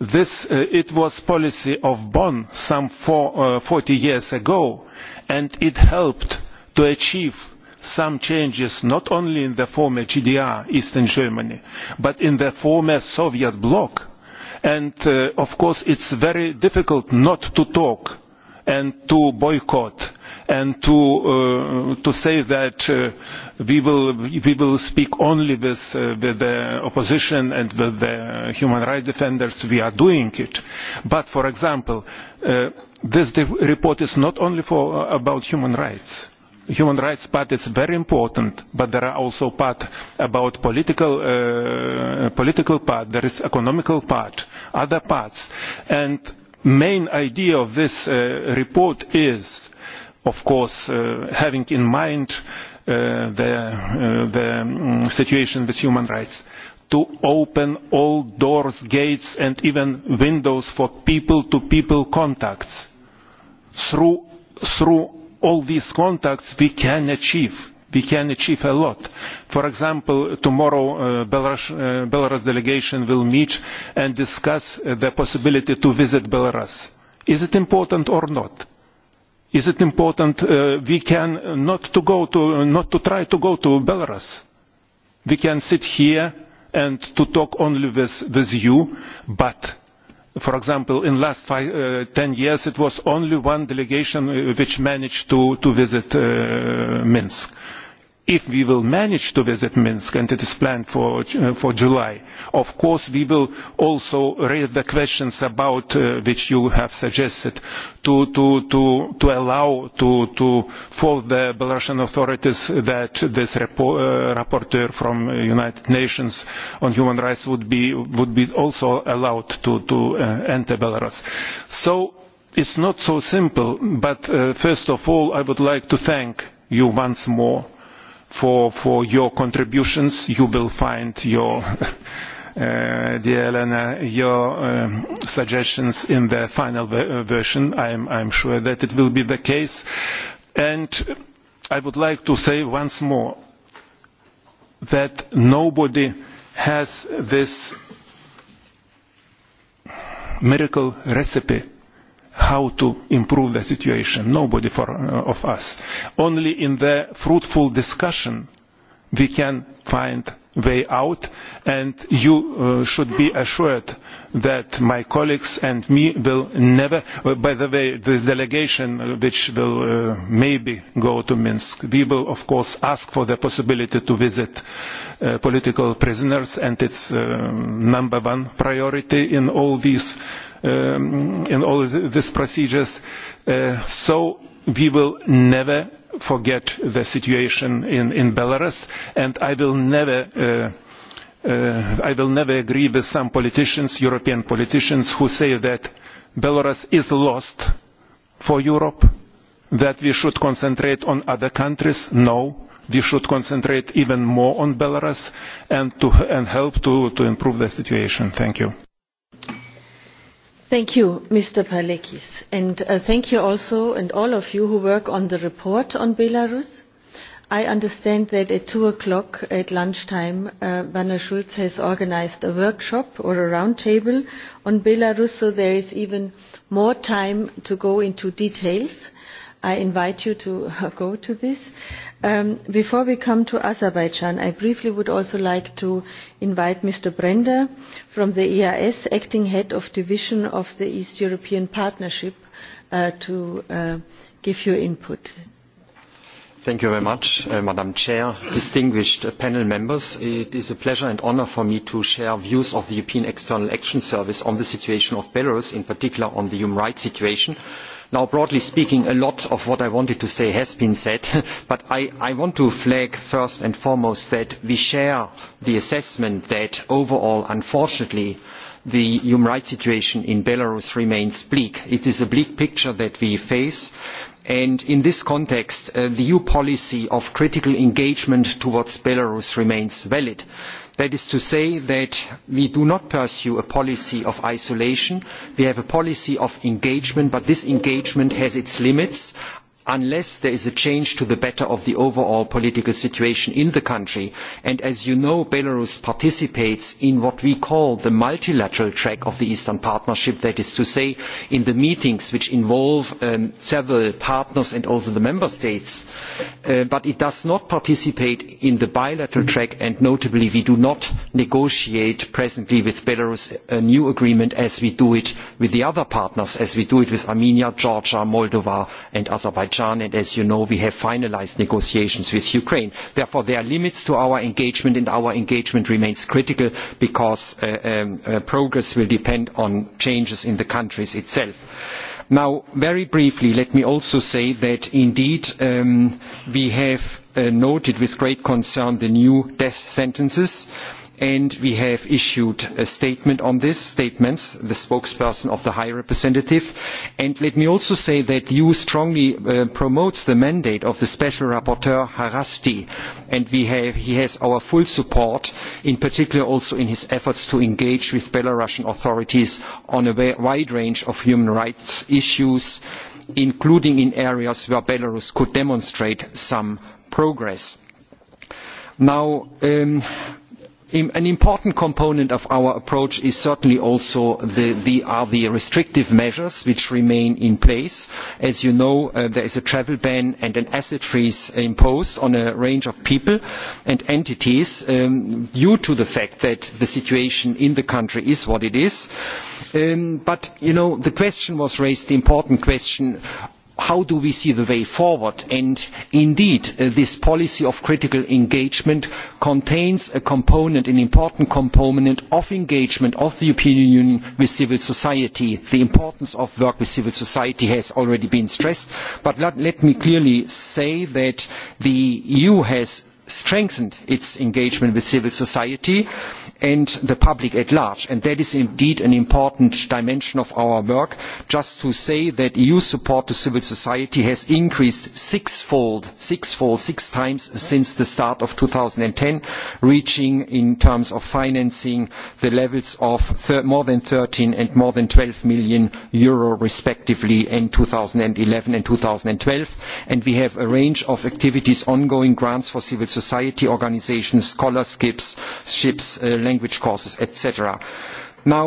This, uh, it was policy of Bonn some four, uh, 40 years ago, and it helped to achieve some changes not only in the former GDR, Eastern Germany, but in the former Soviet bloc. And uh, of course, it's very difficult not to talk and to boycott and to uh, to say that uh, we will we will speak only with uh, with the opposition and with the human rights defenders we are doing it but for example uh, this report is not only for uh, about human rights human rights part is very important, but there are also part about political, uh, political part, there is economical part, other parts. And main idea of this uh, report is, of course, uh, having in mind uh, the, uh, the um, situation with human rights to open all doors, gates and even windows for people-to-people -people contacts through, through all these contacts we can achieve we can achieve a lot. For example, tomorrow uh, Belarus, uh, Belarus delegation will meet and discuss uh, the possibility to visit Belarus. Is it important or not? Is it important uh, we can not to go to, not to try to go to Belarus? We can sit here and to talk only with, with you, but for example in the last five, uh, 10 years it was only one delegation uh, which managed to, to visit uh, Minsk. Uh, if we will manage to visit Minsk, and it is planned for, uh, for July, of course we will also raise the questions about uh, which you have suggested to, to, to, to allow to, to force the Belarusian authorities that this repo, uh, rapporteur from United Nations on human rights would be, would be also allowed to, to uh, enter Belarus. So it's not so simple, but uh, first of all I would like to thank you once more for, for your contributions. You will find your, uh, dear Elena, your um, suggestions in the final ver uh, version. I'm, I'm sure that it will be the case. And I would like to say once more that nobody has this miracle recipe how to improve the situation. Nobody for, uh, of us. Only in the fruitful discussion we can find way out and you uh, should be assured that my colleagues and me will never uh, by the way the delegation uh, which will uh, maybe go to minsk we will of course ask for the possibility to visit uh, political prisoners and it's uh, number one priority in all these uh, um, and all these procedures. Uh, so we will never forget the situation in, in Belarus, and I will never. Uh, uh, I will never agree with some politicians, European politicians, who say that Belarus is lost for Europe, that we should concentrate on other countries. No, we should concentrate even more on Belarus and, to, and help to, to improve the situation. Thank you thank you mr paleckis and uh, thank you also and all of you who work on the report on belarus. i understand that at two o'clock at lunchtime uh, werner schulz has organised a workshop or a roundtable on belarus so there is even more time to go into details. i invite you to uh, go to this. Um, before we come to Azerbaijan, I briefly would also like to invite Mr. Brender from the EIS, Acting Head of Division of the East European Partnership, uh, to uh, give your input. Thank you very much, uh, Madam Chair, distinguished uh, panel members. It is a pleasure and honor for me to share views of the European External Action Service on the situation of Belarus, in particular on the human rights situation. Uh, Now, broadly speaking, a lot of what I wanted to say has been said, but I, I want to flag first and foremost that we share the assessment that overall, unfortunately, the human rights situation in Belarus remains bleak. It is a bleak picture that we face. And in this context, uh, the EU policy of critical engagement towards Belarus remains valid that is to say that we do not pursue a policy of isolation we have a policy of engagement but this engagement has its limits unless there is a change to the better of the overall political situation in the country. And as you know, Belarus participates in what we call the multilateral track of the Eastern Partnership, that is to say, in the meetings which involve um, several partners and also the member states. Uh, but it does not participate in the bilateral track, and notably, we do not negotiate presently with Belarus a new agreement as we do it with the other partners, as we do it with Armenia, Georgia, Moldova, and Azerbaijan Azerbaijan, and as you know, we have finalized negotiations with Ukraine. Therefore, there are limits to our engagement, and our engagement remains critical because uh, um, uh, progress will depend on changes in the countries itself. Now, very briefly, let me also say that indeed um, we have uh, noted with great concern the new death sentences. Uh, and we have issued a statement on this statements the spokesperson of the high representative and let me also say that you strongly uh, promotes the mandate of the special rapporteur harasti and we have he has our full support in particular also in his efforts to engage with belarusian authorities on a wide range of human rights issues including in areas where belarus could demonstrate some progress now um, an important component of our approach is certainly also the, the, are the restrictive measures which remain in place. As you know, uh, there is a travel ban and an asset freeze imposed on a range of people and entities um, due to the fact that the situation in the country is what it is. Um, but, you know, the question was raised, the important question, how do we see the way forward and indeed uh, this policy of critical engagement contains a component an important component of engagement of the european union with civil society. the importance of work with civil society has already been stressed but let, let me clearly say that the eu has strengthened its engagement with civil society and the public at large and that is indeed an important dimension of our work just to say that eu support to civil society has increased sixfold sixfold six times since the start of 2010 reaching in terms of financing the levels of thir more than 13 and more than 12 million euro respectively in 2011 and 2012 and we have a range of activities ongoing grants for civil society organizations scholarships ships uh, language courses, etc. Now,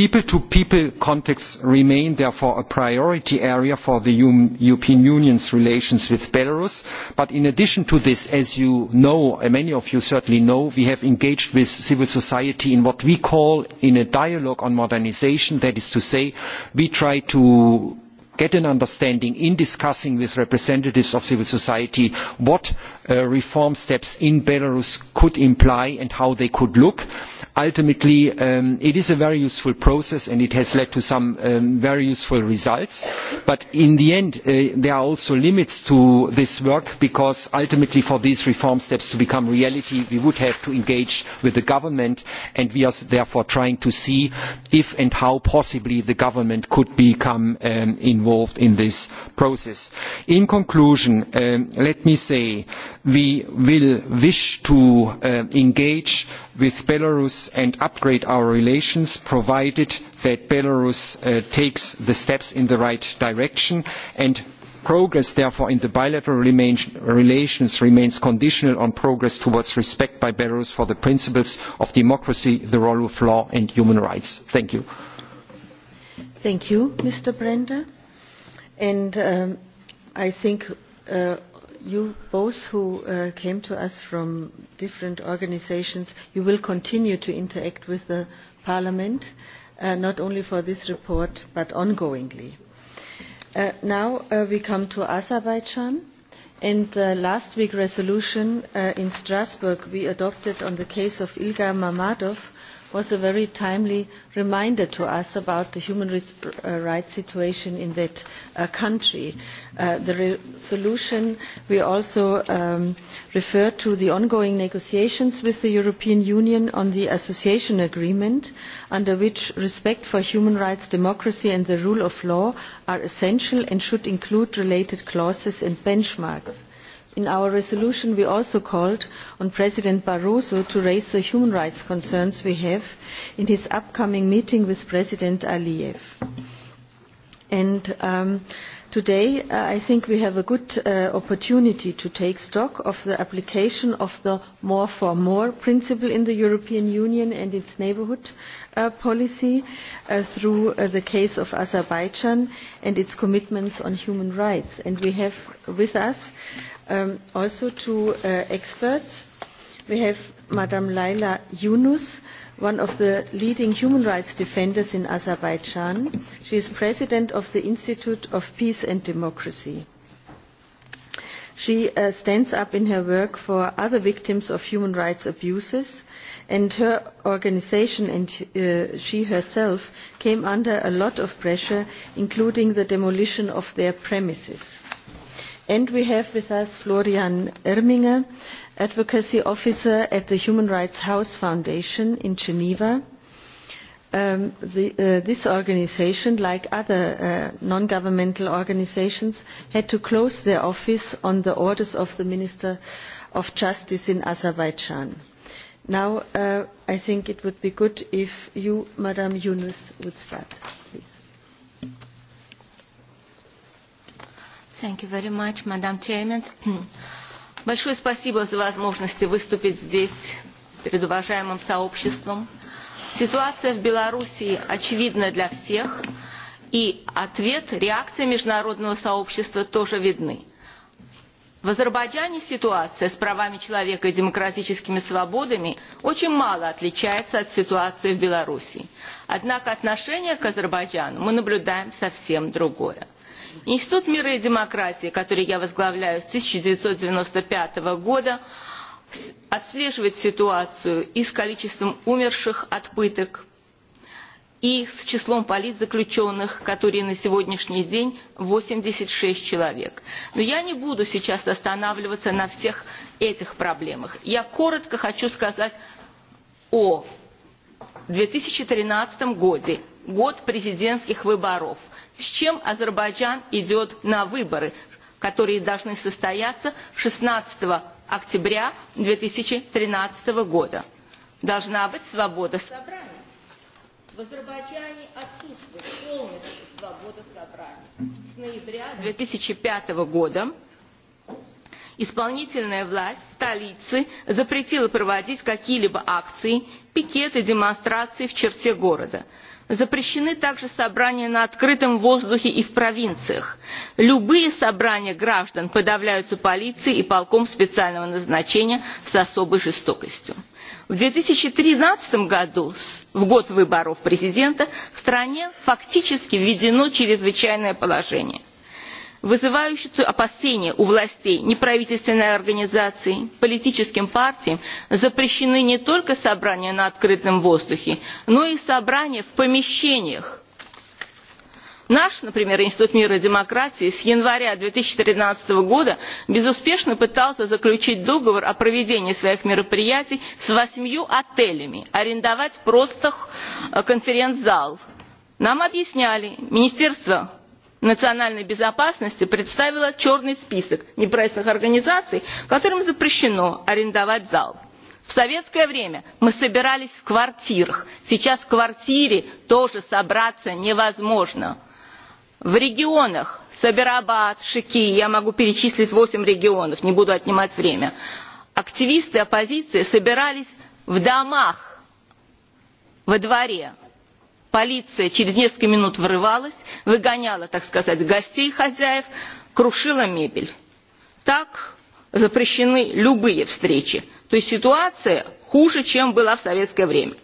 people-to-people -people contacts remain therefore a priority area for the European Union's relations with Belarus. But in addition to this, as you know, and many of you certainly know, we have engaged with civil society in what we call in a dialogue on modernization. That is to say, we try to get an understanding in discussing with representatives of civil society what uh, reform steps in belarus could imply and how they could look. ultimately um, it is a very useful process and it has led to some um, very useful results but in the end uh, there are also limits to this work because ultimately for these reform steps to become reality we would have to engage with the government and we are therefore trying to see if and how possibly the government could become um, involved involved in this process. in conclusion um, let me say we will wish to uh, engage with belarus and upgrade our relations provided that belarus uh, takes the steps in the right direction and progress therefore in the bilateral remain, relations remains conditional on progress towards respect by belarus for the principles of democracy the rule of law and human rights. thank you. thank you mr brender. And um, I think uh, you both who uh, came to us from different organizations, you will continue to interact with the Parliament, uh, not only for this report, but ongoingly. Uh, now uh, we come to Azerbaijan. And the uh, last week resolution uh, in Strasbourg we adopted on the case of Ilgar Mamadov uh, was a very timely reminder to us about the human rights, uh, rights situation in that uh, country. Uh, the resolution we also um, refer to the ongoing negotiations with the European Union on the association agreement, under which respect for human rights, democracy and the rule of law are essential and should include related clauses and benchmarks in our resolution we also called on president barroso to raise the human rights concerns we have in his upcoming meeting with president aliyev and um, Today, uh, I think we have a good uh, opportunity to take stock of the application of the more for more principle in the European Union and its neighborhood uh, policy uh, through uh, the case of Azerbaijan and its commitments on human rights. And we have with us um, also two uh, experts. We have Madame Laila Yunus, uh, one of the leading human rights defenders in Azerbaijan. She is president of the Institute of Peace and Democracy. She uh, stands up in her work for other victims of human rights abuses and her organization and uh, she herself came under a lot of pressure, including the demolition of their premises. And we have with us Florian Erminger, advocacy officer at the Human Rights House Foundation in Geneva. Um, the, uh, this organization, like other uh, non-governmental organizations, had to close their office on the orders of the Minister of Justice in Azerbaijan. Now, uh, I think it would be good if you, Madam Yunus, would start, please. Thank you very much, Madam Chairman. Большое спасибо за возможность выступить здесь перед уважаемым сообществом. Ситуация в Белоруссии очевидна для всех, и ответ, реакция международного сообщества тоже видны. В Азербайджане ситуация с правами человека и демократическими свободами очень мало отличается от ситуации в Беларуси. Однако отношение к Азербайджану мы наблюдаем совсем другое. Институт мира и демократии, который я возглавляю с 1995 года, отслеживает ситуацию и с количеством умерших от пыток, и с числом политзаключенных, которые на сегодняшний день 86 человек. Но я не буду сейчас останавливаться на всех этих проблемах. Я коротко хочу сказать о 2013 году, год президентских выборов с чем Азербайджан идет на выборы, которые должны состояться 16 октября 2013 года. Должна быть свобода собрания. В Азербайджане отсутствует полностью свобода собрания. С ноября 2005 года исполнительная власть столицы запретила проводить какие либо акции пикеты демонстрации в черте города запрещены также собрания на открытом воздухе и в провинциях любые собрания граждан подавляются полицией и полком специального назначения с особой жестокостью. в две тысячи тринадцатом году в год выборов президента в стране фактически введено чрезвычайное положение вызывающую опасения у властей неправительственной организации политическим партиям запрещены не только собрания на открытом воздухе но и собрания в помещениях наш например институт мира и демократии с января две тысячи тринадцатого года безуспешно пытался заключить договор о проведении своих мероприятий с восемью отелями арендовать просто э, конференц зал нам объясняли министерство национальной безопасности представила черный список непрессных организаций которым запрещено арендовать зал. в советское время мы собирались в квартирах сейчас в квартире тоже собраться невозможно. в регионах сабирабад шики я могу перечислить восемь регионов не буду отнимать время активисты оппозиции собирались в домах во дворе полиция через несколько минут врывалась выгоняла так сказать гостей хозяев крушила мебель. так запрещены любые встречи то есть ситуация хуже чем была в советское время.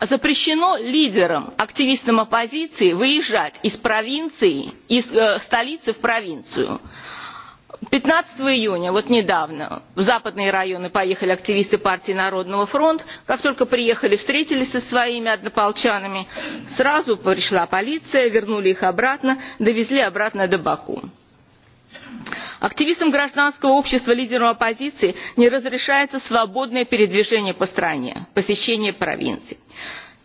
запрещено лидерам активистам оппозиции выезжать из провинции из э, столицы в провинцию. 15 июня, вот недавно, в западные районы поехали активисты партии Народного фронта. Как только приехали, встретились со своими однополчанами, сразу пришла полиция, вернули их обратно, довезли обратно до Баку. Активистам гражданского общества, лидерам оппозиции не разрешается свободное передвижение по стране, посещение провинций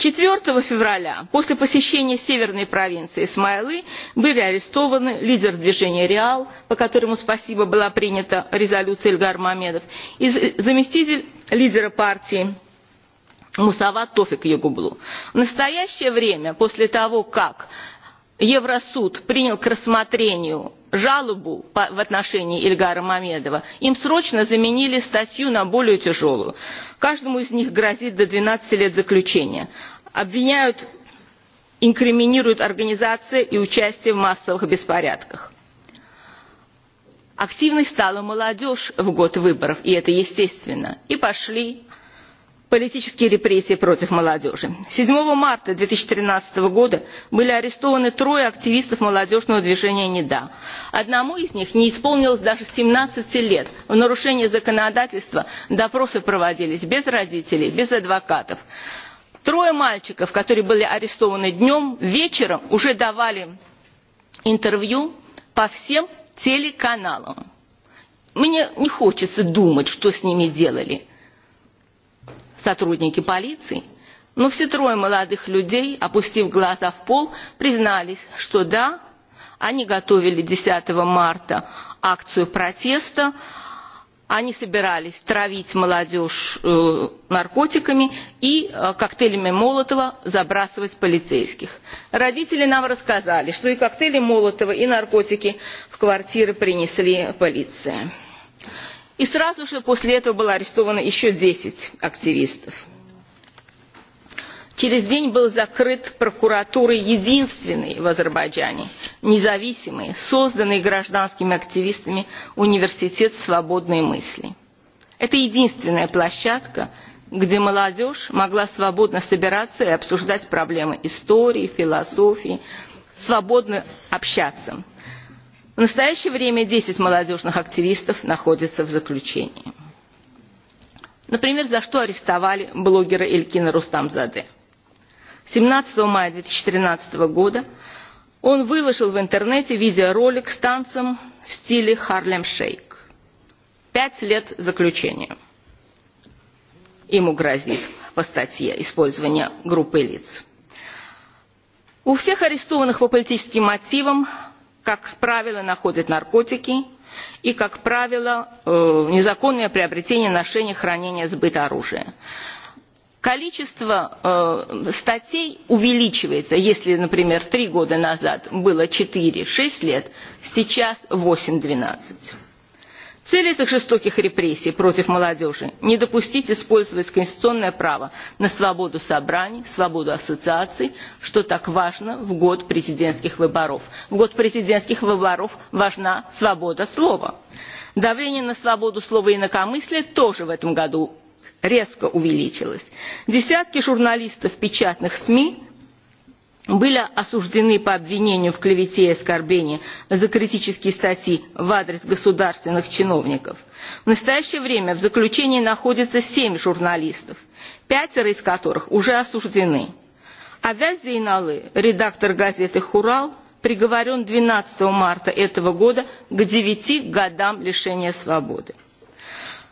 4 февраля после посещения северной провинции Смайлы были арестованы лидер движения «Реал», по которому, спасибо, была принята резолюция Эльгар Мамедов, и заместитель лидера партии Мусават Тофик Ягублу. В настоящее время, после того, как Евросуд принял к рассмотрению жалобу по, в отношении Ильгара Мамедова, им срочно заменили статью на более тяжелую. Каждому из них грозит до 12 лет заключения. Обвиняют, инкриминируют организации и участие в массовых беспорядках. Активной стала молодежь в год выборов, и это естественно. И пошли политические репрессии против молодежи. седьмого марта две тысячи тринадцатого года были арестованы трое активистов молодежного движения не да одному из них не исполнилось даже семнадцати лет в нарушении законодательства допросы проводились без родителей без адвокатов трое мальчиков которые были арестованы днем вечером уже давали интервью по всем телеканалам мне не хочется думать что с ними делали сотрудники полиции. Но все трое молодых людей, опустив глаза в пол, признались, что да, они готовили 10 марта акцию протеста, они собирались травить молодежь э, наркотиками и э, коктейлями молотова забрасывать полицейских. родители нам рассказали что и коктейли молотова и наркотики в квартиры принесли полиция и сразу же после этого было арестовано еще десять активистов. через день был закрыт прокуратурой единственный в азербайджане независимый созданный гражданскими активистами университет свободной мысли. это единственная площадка где молодежь могла свободно собираться и обсуждать проблемы истории философии свободно общаться в настоящее время десять молодежных активистов находятся в заключении например за что арестовали блогера элькина рустамзаде семнадцатого мая две тысячи тринадцатого года он выложил в интернете видеоролик с танцем в стиле харлем шейк пять лет заключения ему грозит по статье использования группы лиц у всех арестованных по политическим мотивам как правило находят наркотики и как правило э, незаконное приобретение ношение хранение сбыт оружия количество э, статей увеличивается если например три года назад было четыре шесть лет сейчас восемь двенадцать Цель этих жестоких репрессий против молодежи – не допустить использовать конституционное право на свободу собраний, свободу ассоциаций, что так важно в год президентских выборов. В год президентских выборов важна свобода слова. Давление на свободу слова и инакомыслия тоже в этом году резко увеличилось. Десятки журналистов печатных СМИ были осуждены по обвинению в клевете и оскорблении за критические статьи в адрес государственных чиновников. В настоящее время в заключении находится семь журналистов, пятеро из которых уже осуждены. Авяз Зейналы, редактор газеты «Хурал», приговорен 12 марта этого года к 9 годам лишения свободы.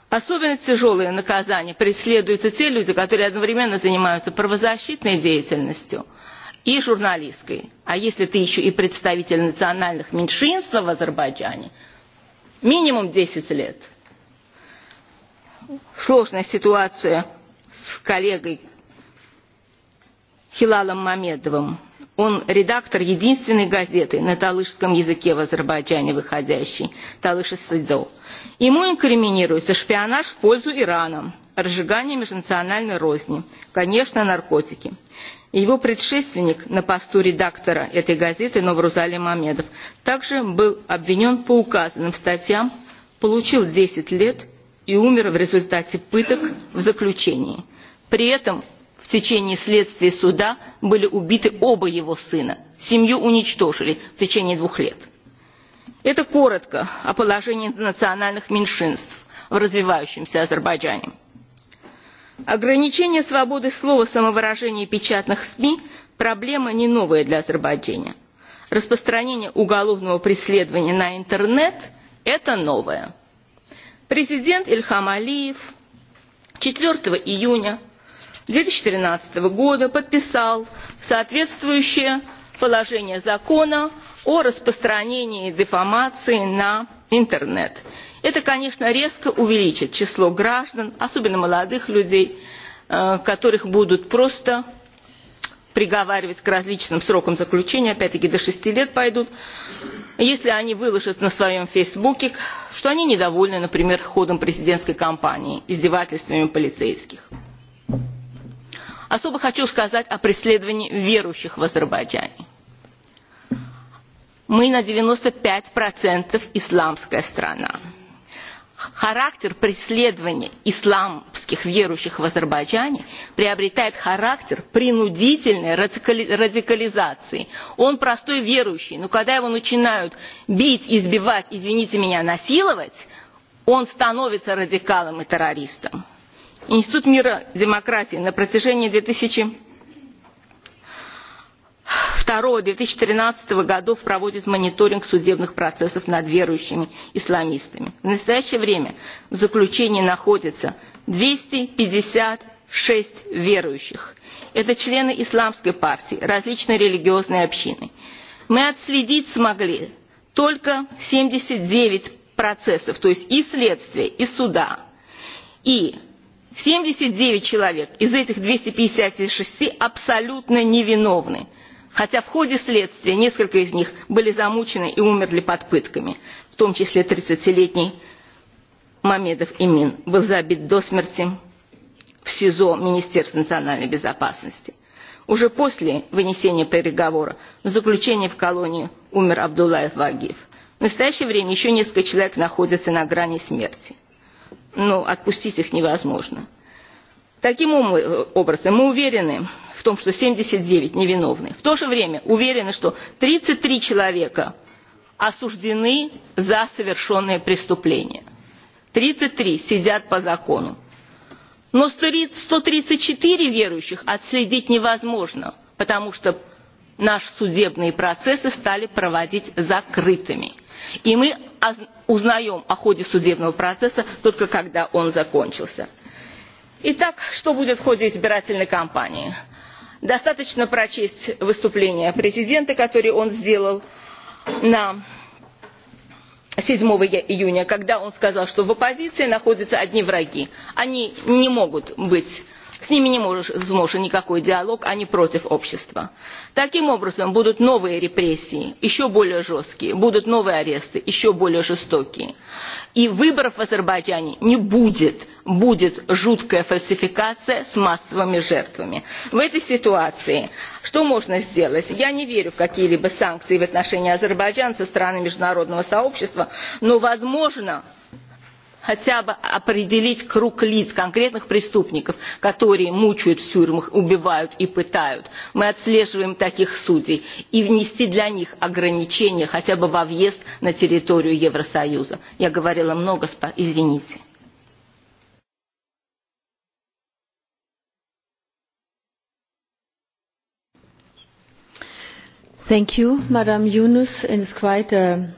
Особенно тяжелые наказания преследуются те люди, которые одновременно занимаются правозащитной деятельностью – и журналисткой. А если ты еще и представитель национальных меньшинств в Азербайджане, минимум 10 лет. Сложная ситуация с коллегой Хилалом Мамедовым. Он редактор единственной газеты на талышском языке в Азербайджане выходящей, Талыша Сыдо. Ему инкриминируется шпионаж в пользу Ирана, разжигание межнациональной розни, конечно, наркотики – его предшественник на посту редактора этой газеты Новрузалим Мамедов, также был обвинен по указанным статьям, получил 10 лет и умер в результате пыток в заключении. При этом в течение следствия суда были убиты оба его сына. Семью уничтожили в течение двух лет. Это коротко о положении национальных меньшинств в развивающемся Азербайджане ограничение свободы слова самовыражения печатных сми проблема не новая для азербайджана распространение уголовного преследования на интернет это новое президент ильхам алиев четвертого июня две тысячи тринадцатого года подписал соответствующее положение закона о распространении дефамации на интернет это конечно резко увеличит число граждан особенно молодых людей э, которых будут просто приговаривать к различным срокам заключения опять таки до шести лет пойдут если они выложат на своем фейсбуке что они недовольны например ходом президентской кампании издевательствами полицейских. особо хочу сказать о преследовании верующих в азербайджане мы на девяносто пять процентов исламская страна характер преследования исламских верующих в азербайджане приобретает характер принудительной радикализации он простой верующий но когда его начинают бить избивать извините меня насиловать он становится радикалом и террористом. институт мира демократии на протяжении две тысячи второго две тысячи тринадцатого годов проводит мониторинг судебных процессов над верующими исламистами в настоящее время в заключении находится двести пятьдесят шесть верующих это члены исламской партии различные религиозные общины мы отследить смогли только семьдесят девять процессов то есть и следствия и суда и семьдесят девять человек из этих двести пятьдесят шесть абсолютно невиновны хотя в ходе следствия несколько из них были замучены и умерли под пытками в том числе тридцати летний мамедов имин был забит до смерти в сизо министерства национальной безопасности уже после вынесения приговора в заключении в колонии умер абдулаев вагиев в настоящее время еще несколько человек находятся на грани смерти но отпустить их невозможно таким э, образом мы уверены в том что семьдесят девять невиновны в то же время уверены что тридцать три человека осуждены за совершенные преступления тридцать три сидят по закону но сто тридцать четыре верующих отследить невозможно потому что наши судебные процессы стали проводить закрытыми и мы узнаем о ходе судебного процесса только когда он закончился итак что будет в ходе избирательной кампании? достаточно прочесть выступление президента которое он сделал на семь июня когда он сказал что в оппозиции находятся одни враги они не могут быть С ними не возможен никакой диалог, они против общества. Таким образом, будут новые репрессии, еще более жесткие, будут новые аресты, еще более жестокие. И выборов в Азербайджане не будет. Будет жуткая фальсификация с массовыми жертвами. В этой ситуации что можно сделать? Я не верю в какие-либо санкции в отношении Азербайджана со стороны международного сообщества, но, возможно, хотя бы определить круг лиц конкретных преступников которые мучают в тюрьмах убивают и пытают мы отслеживаем таких судей и внести для них ограничения хотя бы во въезд на территорию евросоюза я говорила много извините Thank you, Madam Yunus, and it's quite a,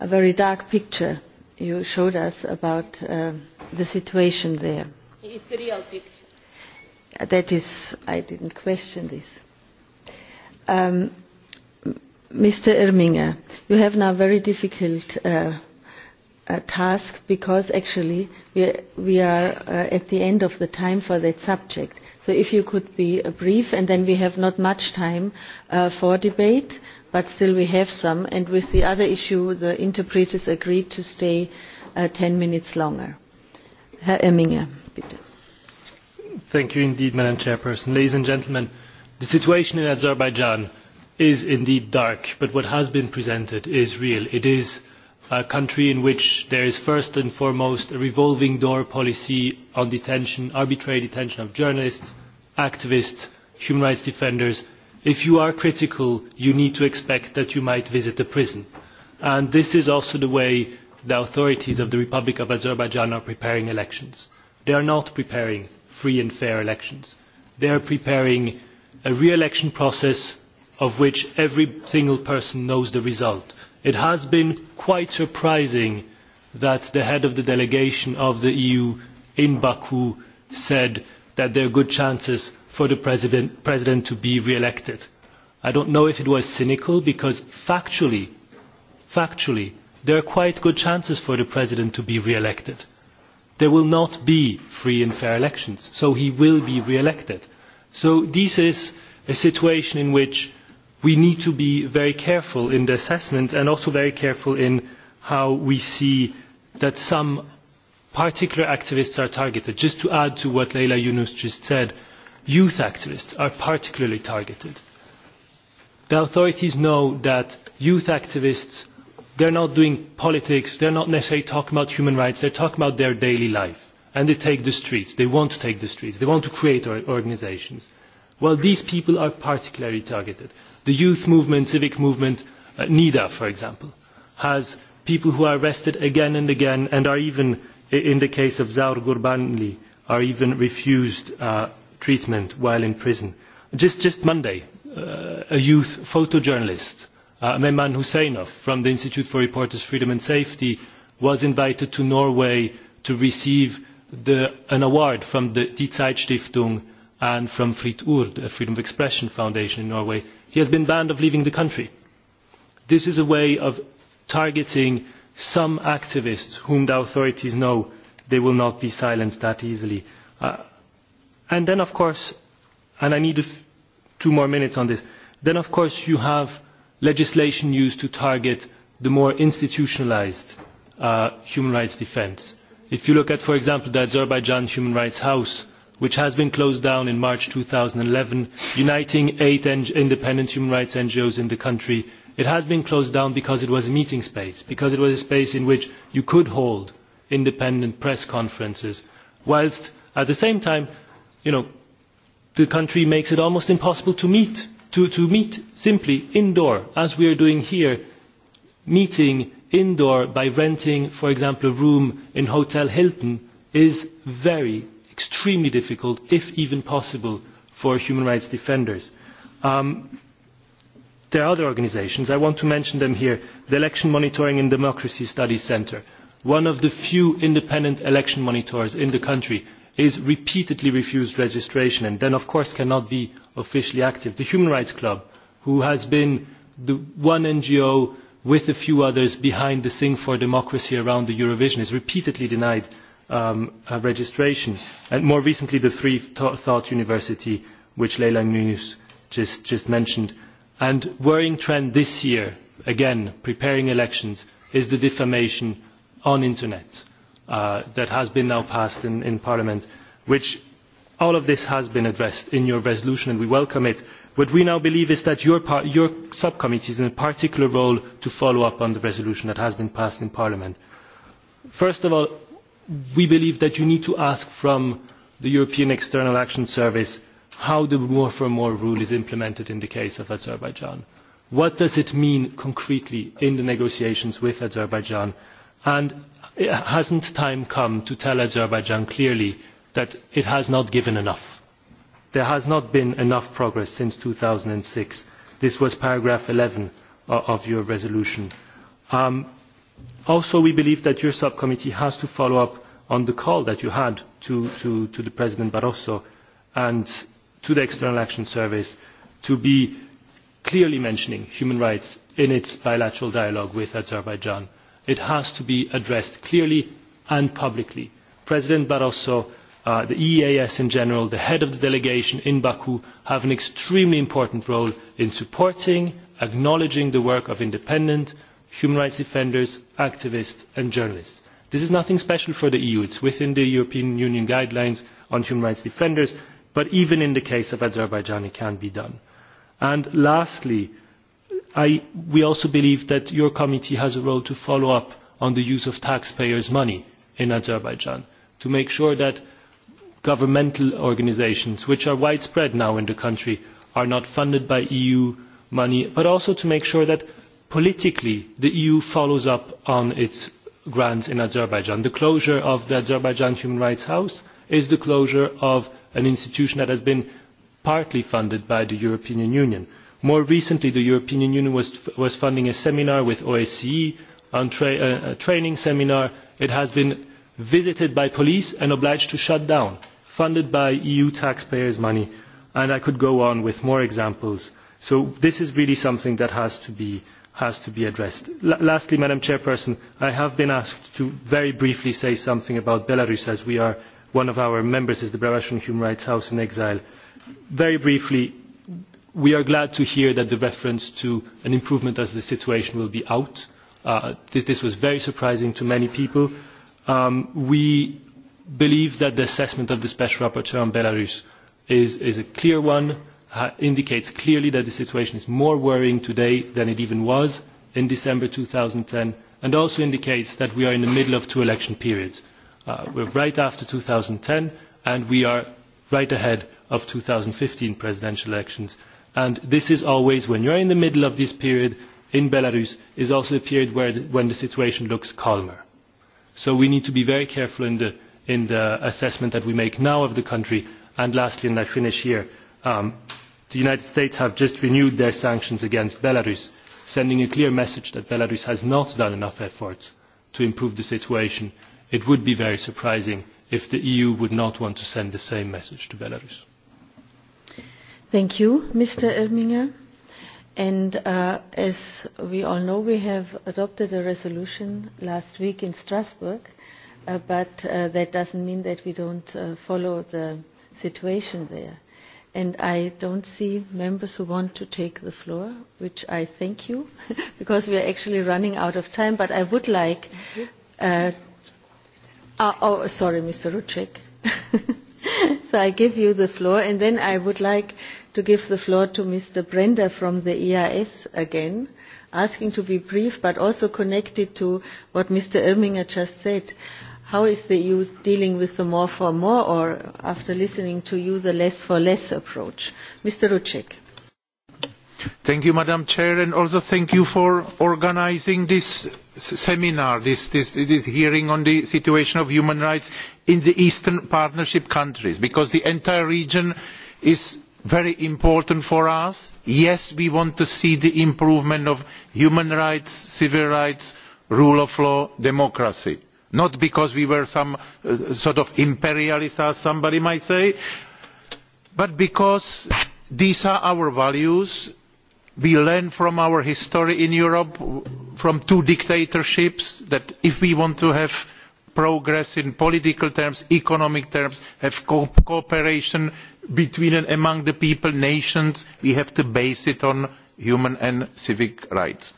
a very dark picture you showed us about uh, the situation there. It's a real picture. That is, I didn't question this. Um, Mr. Erminger, you have now very difficult uh, uh, task because actually we are, we are uh, at the end of the time for that subject. So if you could be uh, brief, and then we have not much time uh, for debate. Uh, but still we have some. And with the other issue, the interpreters agreed to stay uh, 10 minutes longer. Herr Emminger, bitte. Thank you indeed, Madam Chairperson. Ladies and gentlemen, the situation in Azerbaijan is indeed dark, but what has been presented is real. It is a country in which there is first and foremost a revolving door policy on detention, arbitrary detention of journalists, activists, human rights defenders, if you are critical, you need to expect that you might visit a prison. And this is also the way the authorities of the Republic of Azerbaijan are preparing elections. They are not preparing free and fair elections. They are preparing a re-election process of which every single person knows the result. It has been quite surprising that the head of the delegation of the EU in Baku said that there are good chances for the president, president to be re-elected. I don't know if it was cynical because factually, factually, there are quite good chances for the president to be re-elected. There will not be free and fair elections, so he will be re-elected. So this is a situation in which we need to be very careful in the assessment and also very careful in how we see that some particular activists are targeted. Just to add to what Leila Yunus just said, youth activists are particularly targeted. The authorities know that youth activists, they're not doing politics, they're not necessarily talking about human rights, they're talking about their daily life. And they take the streets, they want to take the streets, they want to create or organizations. Well, these people are particularly targeted. The youth movement, civic movement, uh, NIDA, for example, has people who are arrested again and again and are even, in the case of Zaur Gurbanli, are even refused uh, treatment while in prison. Just, just Monday, uh, a youth photojournalist, uh, Mehman Husseinov from the Institute for Reporters' Freedom and Safety, was invited to Norway to receive the, an award from the Die Zeitstiftung and from Fritt Urd, the Freedom of Expression Foundation in Norway. He has been banned of leaving the country. This is a way of targeting some activists whom the authorities know they will not be silenced that easily. Uh, and then of course and i need two more minutes on this then of course you have legislation used to target the more institutionalised uh, human rights defence. if you look at for example the azerbaijan human rights house which has been closed down in march two thousand and eleven uniting eight independent human rights ngos in the country it has been closed down because it was a meeting space because it was a space in which you could hold independent press conferences whilst at the same time you know, the country makes it almost impossible to meet, to, to meet simply indoor, as we are doing here, meeting indoor by renting, for example, a room in Hotel Hilton is very, extremely difficult, if even possible, for human rights defenders. Um, there are other organisations, I want to mention them here, the Election Monitoring and Democracy Studies Centre, one of the few independent election monitors in the country is repeatedly refused registration and then of course cannot be officially active. The Human Rights Club, who has been the one NGO with a few others behind the Sing for Democracy around the Eurovision, is repeatedly denied um, uh, registration. And more recently, the Free Th Thought University, which Leila Muniz just, just mentioned. And worrying trend this year, again, preparing elections, is the defamation on internet uh, that has been now passed in, in Parliament, which all of this has been addressed in your resolution and we welcome it. What we now believe is that your, par your subcommittee is in a particular role to follow up on the resolution that has been passed in Parliament. First of all, we believe that you need to ask from the European External Action Service how the more for more rule is implemented in the case of Azerbaijan. What does it mean concretely in the negotiations with Azerbaijan? And hasn't time come to tell Azerbaijan clearly that it has not given enough? There has not been enough progress since 2006. This was paragraph 11 of your resolution. Um, also, we believe that your subcommittee has to follow up on the call that you had to, to, to the President Barroso and to the External Action Service to be clearly mentioning human rights in its bilateral dialogue with Azerbaijan it has to be addressed clearly and publicly. president barroso uh, the eeas in general the head of the delegation in baku have an extremely important role in supporting acknowledging the work of independent human rights defenders activists and journalists. this is nothing special for the eu it is within the european union guidelines on human rights defenders but even in the case of azerbaijan it can be done. And lastly I, we also believe that your committee has a role to follow up on the use of taxpayers' money in Azerbaijan to make sure that governmental organizations, which are widespread now in the country, are not funded by EU money, but also to make sure that politically the EU follows up on its grants in Azerbaijan. The closure of the Azerbaijan Human Rights House is the closure of an institution that has been partly funded by the European Union. Uh, More recently, the European Union was, was funding a seminar with OSCE, on tra uh, a training seminar. It has been visited by police and obliged to shut down, funded by EU taxpayers' money. And I could go on with more examples. So this is really something that has to be, has to be addressed. L lastly, Madam Chairperson, I have been asked to very briefly say something about Belarus, as we are, one of our members is the Belarusian Human Rights House in Exile. Very briefly, we are glad to hear that the reference to an improvement as the situation will be out. Uh, this, this was very surprising to many people. Um, we believe that the assessment of the Special Rapporteur on Belarus is, is a clear one, uh, indicates clearly that the situation is more worrying today than it even was in December 2010, and also indicates that we are in the middle of two election periods. Uh, we're right after 2010, and we are right ahead of 2015 presidential elections and this is always when you are in the middle of this period in belarus is also a period where the, when the situation looks calmer so we need to be very careful in the in the assessment that we make now of the country and lastly and i finish here um, the united states have just renewed their sanctions against belarus sending a clear message that belarus has not done enough efforts to improve the situation it would be very surprising if the eu would not want to send the same message to belarus Thank you, Mr. Erminger. And uh, as we all know, we have adopted a resolution last week in Strasbourg, uh, but uh, that doesn't mean that we don't uh, follow the situation there. And I don't see members who want to take the floor, which I thank you, because we are actually running out of time. But I would like. Uh, uh, oh, sorry, Mr. Rucek. so I give you the floor, and then I would like to give the floor to Mr. Brenda from the EIS again, asking to be brief, but also connected to what Mr. Erminger just said. How is the EU dealing with the more for more, or after listening to you, the less for less approach? Mr. Rucek. Thank you, Madam Chair, and also thank you for organizing this seminar, this, this, this hearing on the situation of human rights in the Eastern Partnership countries, because the entire region is very important for us. Yes, we want to see the improvement of human rights, civil rights, rule of law, democracy. Not because we were some uh, sort of imperialist, as somebody might say, but because these are our values we learn from our history in europe from two dictatorships that if we want to have progress in political terms economic terms have co cooperation between and among the people nations we have to base it on human and civic rights.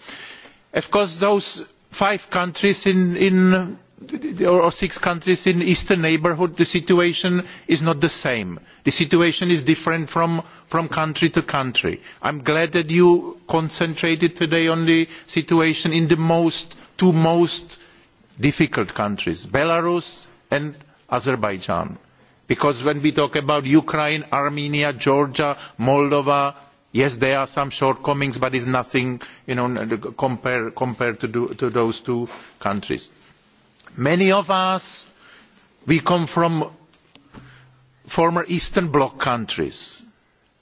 of course those five countries in, in or six countries in the eastern neighbourhood the situation is not the same. the situation is different from, from country to country. i am glad that you concentrated today on the situation in the most, two most difficult countries belarus and azerbaijan because when we talk about ukraine armenia georgia moldova yes there are some shortcomings but it is nothing you know, compared compare to, to those two countries many of us come from former eastern bloc countries.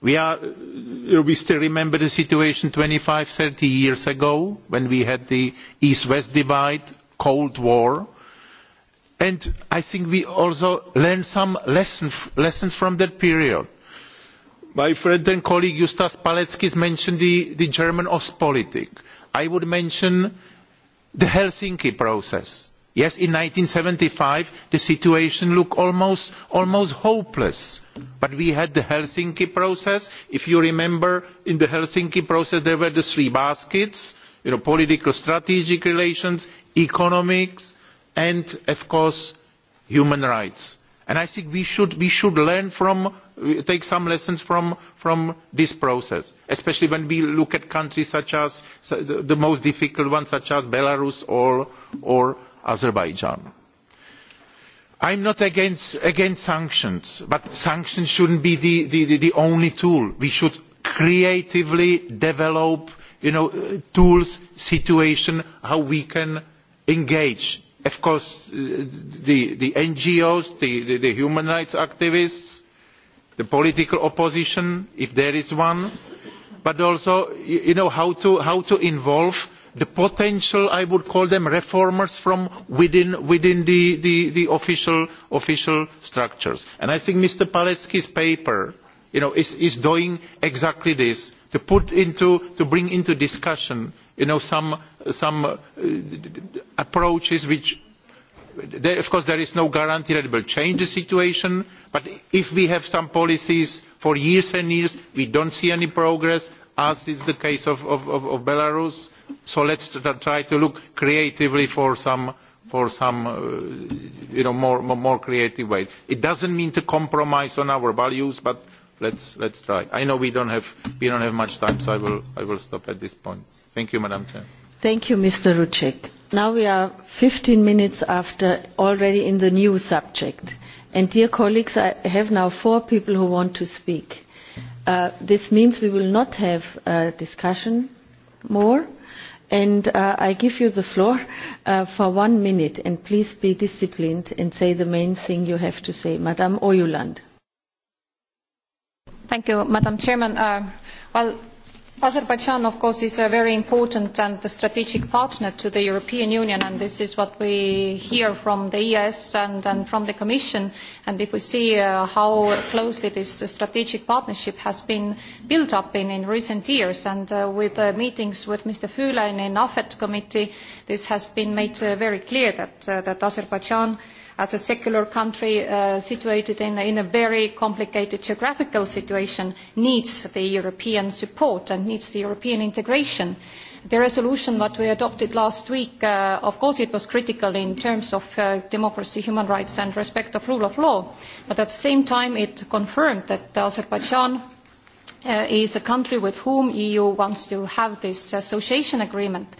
We, are, uh, we still remember the situation twenty five thirty years ago when we had the east west divide cold war and i think we also learned some lesson, lessons from that period. my friend and colleague justas paleckis mentioned the, the german ostpolitik. i would mention the helsinki process yes in one thousand nine hundred and seventy five the situation looked almost, almost hopeless but we had the helsinki process. if you remember in the helsinki process there were the three baskets you know, political strategic relations economics and of course human rights. And i think we should, we should learn from take some lessons from, from this process especially when we look at countries such as the most difficult ones such as belarus or, or azerbaijan. i am not against, against sanctions but sanctions should not be the, the, the only tool. we should creatively develop you know, tools situations how we can engage of course uh, the, the ngos the, the human rights activists the political opposition if there is one but also you know, how, to, how to involve the potential i would call them reformers from within, within the, the, the official, official structures. And i think mr paleck's paper you know, is, is doing exactly this to, put into, to bring into discussion you know, some, some uh, approaches which there, of course there is no guarantee that it will change the situation but if we have some policies for years and years we do not see any progress as is the case of, of, of, of belarus so let us try to look creatively for some, for some uh, you know, more, more creative ways. it does not mean to compromise on our values but let us try. i know we do not have, have much time so I will, i will stop at this point. thank you madam president. thank you mr rouek. now we are fifteen minutes after already in the new subject and dear colleagues i have now four people who want to speak Uh, this means we will not have uh, discussion more. And uh, I give you the floor uh, for one minute, and please be disciplined and say the main thing you have to say. Madame Oyuland. Thank you, Madam Chairman. Uh, well, Azerbaijan, of course, is a very important and strategic partner to the European Union, and this is what we hear from the ES and, and from the Commission. And if we see uh, how closely this strategic partnership has been built up in, in recent years, and uh, with uh, meetings with Mr. Füle in, in AFET committee, this has been made uh, very clear that, uh, that Azerbaijan uh, as a secular country uh, situated in, in a very complicated geographical situation needs the European support and needs the European integration. The resolution that we adopted last week, uh, of course it was critical in terms of uh, democracy, human rights and respect of rule of law, but at the same time it confirmed that Azerbaijan uh, is a country with whom EU wants to have this association agreement. Uh,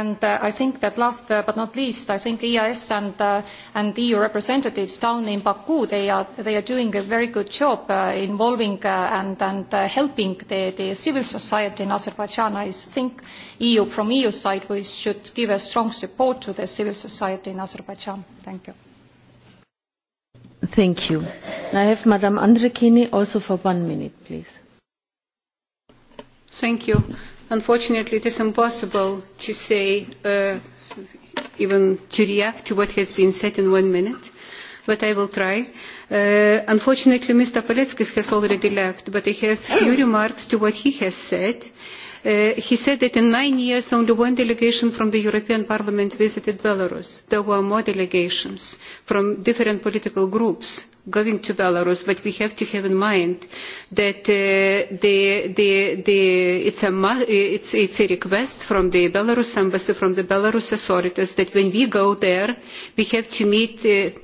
and uh, i think that last uh, but not least i think eeas and, uh, and eu representatives down in baku they are, they are doing a very good job uh, involving uh, and, and uh, helping the, the civil society in azerbaijan. i think EU, from the eu side we should give strong support to the civil society in azerbaijan. thank you. thank you. i have madam andrikien also for one minute please. thank you. Unfortunately, it is impossible to say, uh, even to react to what has been said in one minute, but I will try. Uh, unfortunately, Mr. Paletskis has already left, but I have few oh. remarks to what he has said. Uh, he said that in nine years only one delegation from the European Parliament visited Belarus. There were more delegations from different political groups going to Belarus, but we have to have in mind that uh, the, the, the, it's, a, it's, it's a request from the Belarus embassy, from the Belarus authorities, that when we go there, we have to meet uh,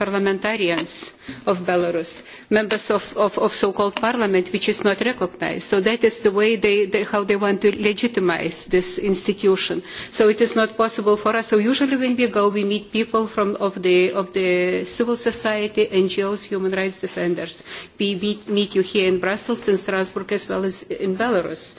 parliamentarians of Belarus, members of, of, of so-called parliament which is not recognized. So that is the way they, they, how they want to legitimize this institution. So it is not possible for us. So usually when we go, we meet people from, of, the, of the civil society, NGOs, human rights defenders. We meet, meet you here in Brussels, in Strasbourg, as well as in Belarus.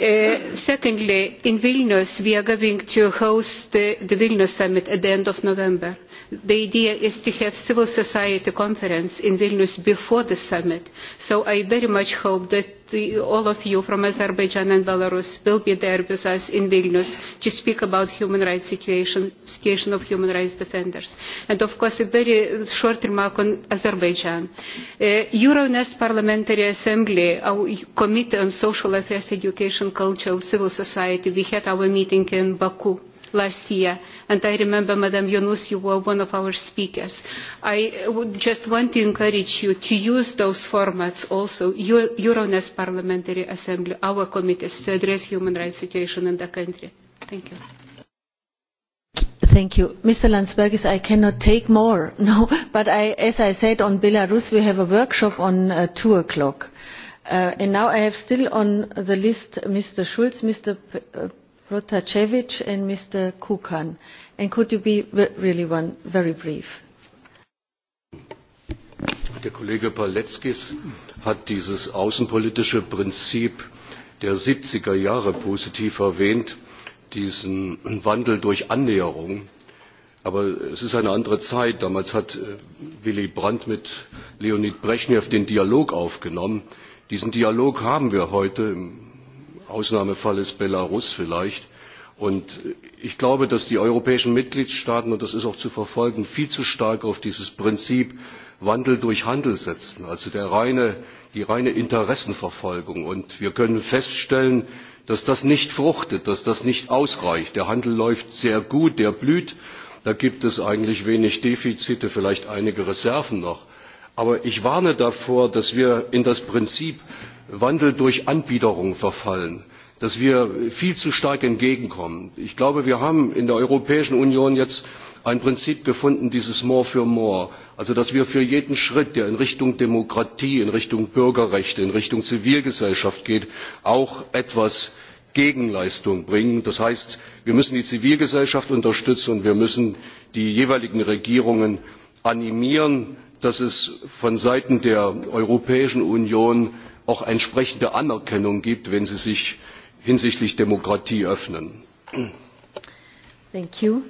Uh, secondly, in Vilnius, we are going to host the, the Vilnius summit at the end of November the idea is to have civil society conference in Vilnius before the summit. So I very much hope that the, all of you from Azerbaijan and Belarus will be there with us in Vilnius to speak about human rights situation, situation of human rights defenders. And of course, a very short remark on Azerbaijan. Uh, Euronest Parliamentary Assembly, our Committee on Social Affairs, Education, Culture, Civil Society, we had our meeting in Baku. Uh, last year. And I remember, Madam Yunus, you were one of our speakers. I would just want to encourage you to use those formats also, Euronest Parliamentary Assembly, our committees, to address human rights situation in the country. Thank you. Thank you. Mr. Landsbergis, I cannot take more, no, but I, as I said, on Belarus, we have a workshop on uh, 2 o'clock. Uh, and now I have still on the list Mr. Schulz, Mr. P uh, Rotacevic and Mr. Kukan. And could you be really one very brief? Der Kollege Paleckis hat dieses außenpolitische Prinzip der 70er Jahre positiv erwähnt, diesen Wandel durch Annäherung. Aber es ist eine andere Zeit. Damals hat äh, Willy Brandt mit Leonid Brezhnev den Dialog aufgenommen. Diesen Dialog haben wir heute im Ausnahmefall ist Belarus vielleicht. Und ich glaube, dass die europäischen Mitgliedstaaten, und das ist auch zu verfolgen, viel zu stark auf dieses Prinzip Wandel durch Handel setzen, also der reine, die reine Interessenverfolgung. Und wir können feststellen, dass das nicht fruchtet, dass das nicht ausreicht. Der Handel läuft sehr gut, der blüht, da gibt es eigentlich wenig Defizite, vielleicht einige Reserven noch. Aber ich warne davor, dass wir in das Prinzip wandel durch anbiederung verfallen dass wir viel zu stark entgegenkommen. ich glaube wir haben in der europäischen union jetzt ein prinzip gefunden dieses more for more also dass wir für jeden schritt der in richtung demokratie in richtung bürgerrechte in richtung zivilgesellschaft geht auch etwas gegenleistung bringen. das heißt wir müssen die zivilgesellschaft unterstützen und wir müssen die jeweiligen regierungen animieren dass es von seiten der europäischen union auch entsprechende anerkennung gibt wenn sie sich hinsichtlich demokratie öffnen. You,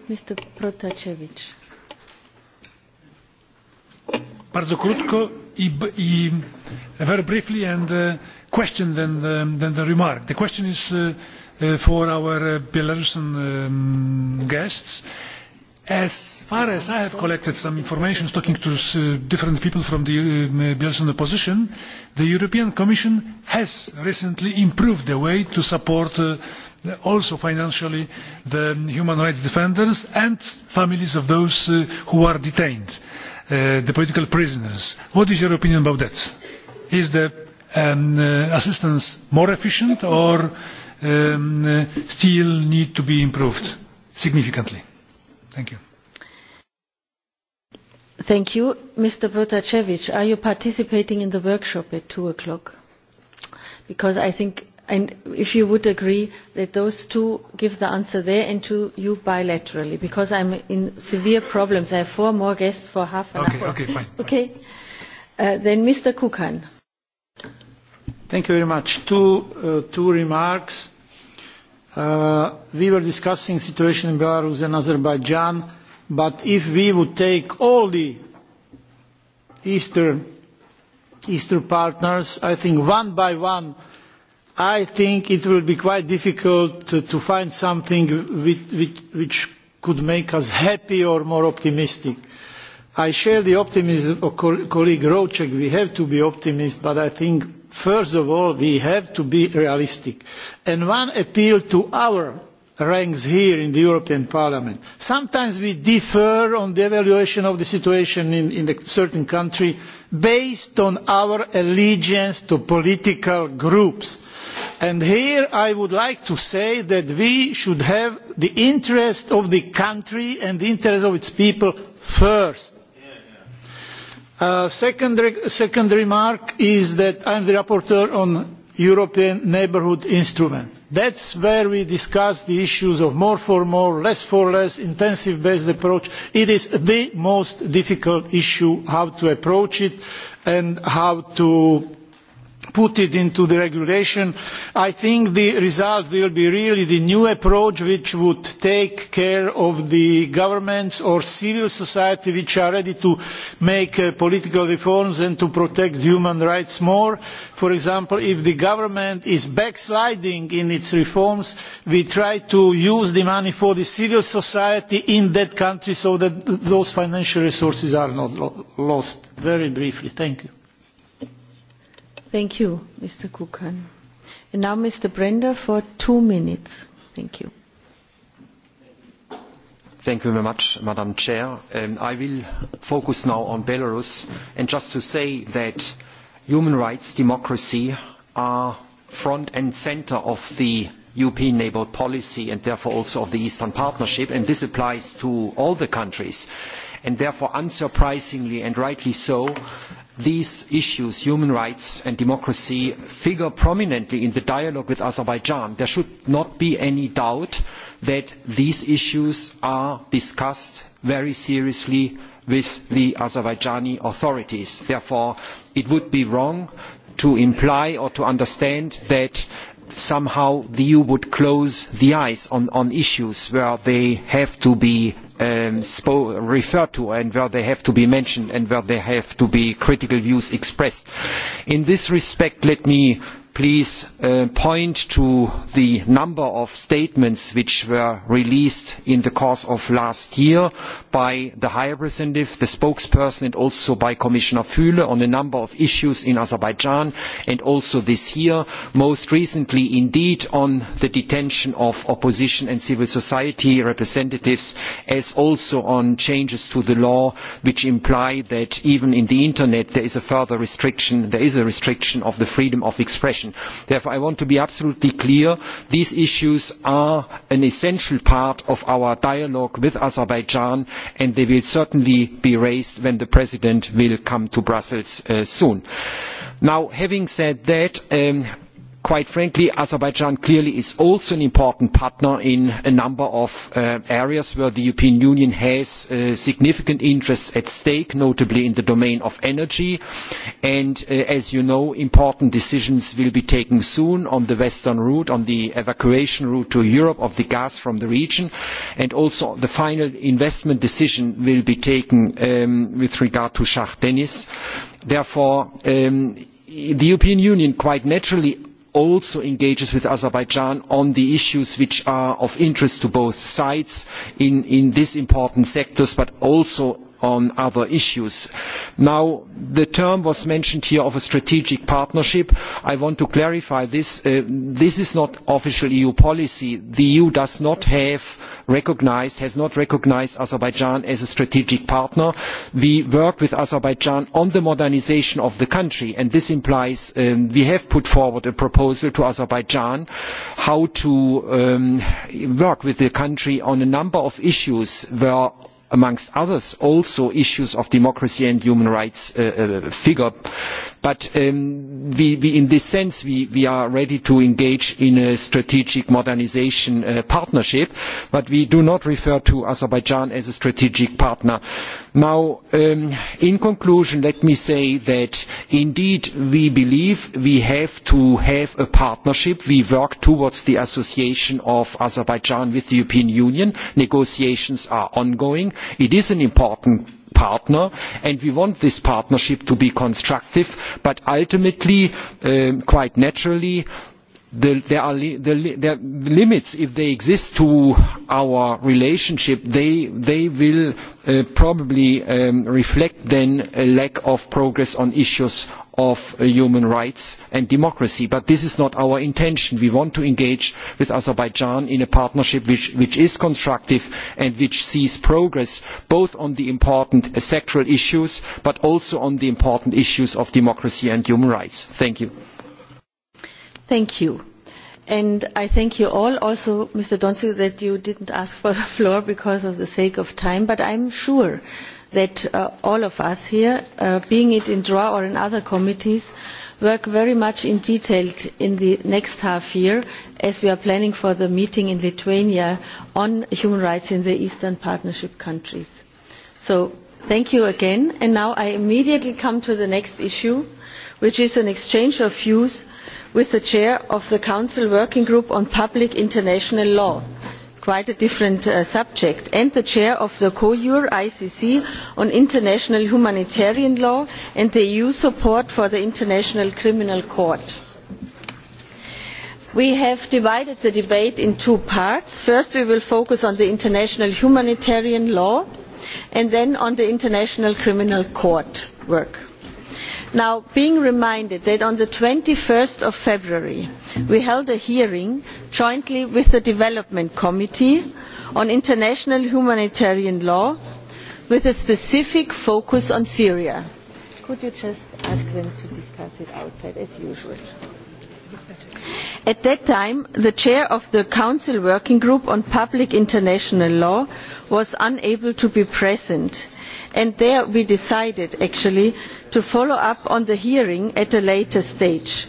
bardzo krótko i, i very briefly and uh, question than the, than the remark. the question is uh, uh, for our uh, belarusian um, guests. Uh, As far as I have collected some information talking to uh, different people from the um, uh, Belarusian opposition, the European Commission has recently improved the way to support uh, also financially the human rights defenders and families of those uh, who are detained, uh, the political prisoners. What is your opinion about that? Is the um, uh, assistance more efficient or um, uh, still need to be improved significantly? Thank you. Thank you. Mr. Protasevich, are you participating in the workshop at 2 o'clock? Because I think, and if you would agree, that those two give the answer there and to you bilaterally, because I'm in severe problems. I have four more guests for half an okay, hour. Okay, fine. Okay. Uh, then Mr. Kukan. Thank you very much. Two, uh, two remarks Uh, we were discussing the situation in Belarus and Azerbaijan, but if we would take all the Eastern, Eastern partners, I think one by one, I think it will be quite difficult to, to find something which, which, which could make us happy or more optimistic. I share the optimism of co colleague Rocek. We have to be optimists, but I think first of all we have to be realistic and one appeal to our ranks here in the european parliament sometimes we differ on the evaluation of the situation in, in a certain country based on our allegiance to political groups and here i would like to say that we should have the interest of the country and the interest of its people first Uh, second, re second remark is that i am the rapporteur on european neighbourhood instrument. that is where we discuss the issues of more for more less for less intensive based approach. it is the most difficult issue how to approach it and how to put it into the regulation i think the result will be really the new approach which would take care of the governments or civil society which are ready to make uh, political reforms and to protect human rights more. for example if the government is backsliding in its reforms we try to use the money for the civil society in that country so that those financial resources are not lo lost. very briefly thank you. Thank you, Mr. Kukan. And now Mr. Brender for two minutes. Thank you. Thank you very much, Madam Chair. Um, I will focus now on Belarus and just to say that human rights, democracy are front and centre of the European neighbourhood policy and therefore also of the Eastern Partnership and this applies to all the countries and therefore unsurprisingly and rightly so these issues human rights and democracy figure prominently in the dialogue with azerbaijan there should not be any doubt that these issues are discussed very seriously with the azerbaijani authorities. therefore it would be wrong to imply or to understand that somehow the eu would close its eyes on, on issues where they have to be um, referred to and where they have to be mentioned and where there have to be critical views expressed. in this respect let me please uh, point to the number of statements which were released in the course of last year by the high representative the spokesperson and also by commissioner füle on a number of issues in azerbaijan and also this year most recently indeed on the detention of opposition and civil society representatives as also on changes to the law which imply that even in the internet there is a further restriction there is a restriction of the freedom of expression regulation. therefore i want to be absolutely clear these issues are an essential part of our dialogue with azerbaijan and they will certainly be raised when the president comes to brussels uh, soon. now having said that um, quite frankly azerbaijan clearly is also an important partner in a number of uh, areas where the european union has uh, significant interests at stake notably in the domain of energy and uh, as you know important decisions will be taken soon on the western route on the evacuation route to europe of the gas from the region and also the final investment decision will be taken um, with regard to shah deniz. therefore um, the european union quite naturally also engages with azerbaijan on the issues which are of interest to both sides in, in these important sectors but also on other issues. Now, the term was mentioned here of a strategic partnership. I want to clarify this. Uh, this is not official EU policy. The EU does not have uh, recognized, has not recognized Azerbaijan as a strategic partner. We work with Azerbaijan on the modernization of the country, and this implies um, we have put forward a proposal to Azerbaijan how to um, work with the country on a number of issues where amongst others also issues of democracy and human rights uh, uh, figure but um, we, we, in this sense we, we are ready to engage in a strategic modernisation uh, partnership but we do not refer to azerbaijan as a strategic partner. Now, um, in conclusion let me say that indeed we believe we have to have a partnership we work towards the association of azerbaijan with the european union negotiations are ongoing it is an important partner and we want this partnership to be constructive but ultimately uh, quite naturally the, there are li the, li the limits, if they exist, to our relationship. They, they will uh, probably um, reflect then a lack of progress on issues of uh, human rights and democracy. But this is not our intention. We want to engage with Azerbaijan in a partnership which, which is constructive and which sees progress both on the important uh, sectoral issues but also on the important issues of democracy and human rights. Thank you. Thank you. And I thank you all, also Mr. Donskoy, that you didn't ask for the floor because of the sake of time, but I'm sure that uh, all of us here, uh, being it in DROA or in other committees, work very much in detail in the next half year as we are planning for the meeting in Lithuania on human rights in the Eastern Partnership countries. So thank you again. And now I immediately come to the next issue, which is an exchange of views with the chair of the council working group on public international law quite a different uh, subject and the chair of the cour icc on international humanitarian law and the eu support for the international criminal court we have divided the debate into two parts first we will focus on the international humanitarian law and then on the international criminal court work now being reminded that on twenty one february we held a hearing jointly with the development committee on international humanitarian law with a specific focus on syria could you just ask them to discuss it outside as usual? at that time the chair of the council working group on public international law was unable to be present and there we decided actually to follow up on the hearing at a later stage.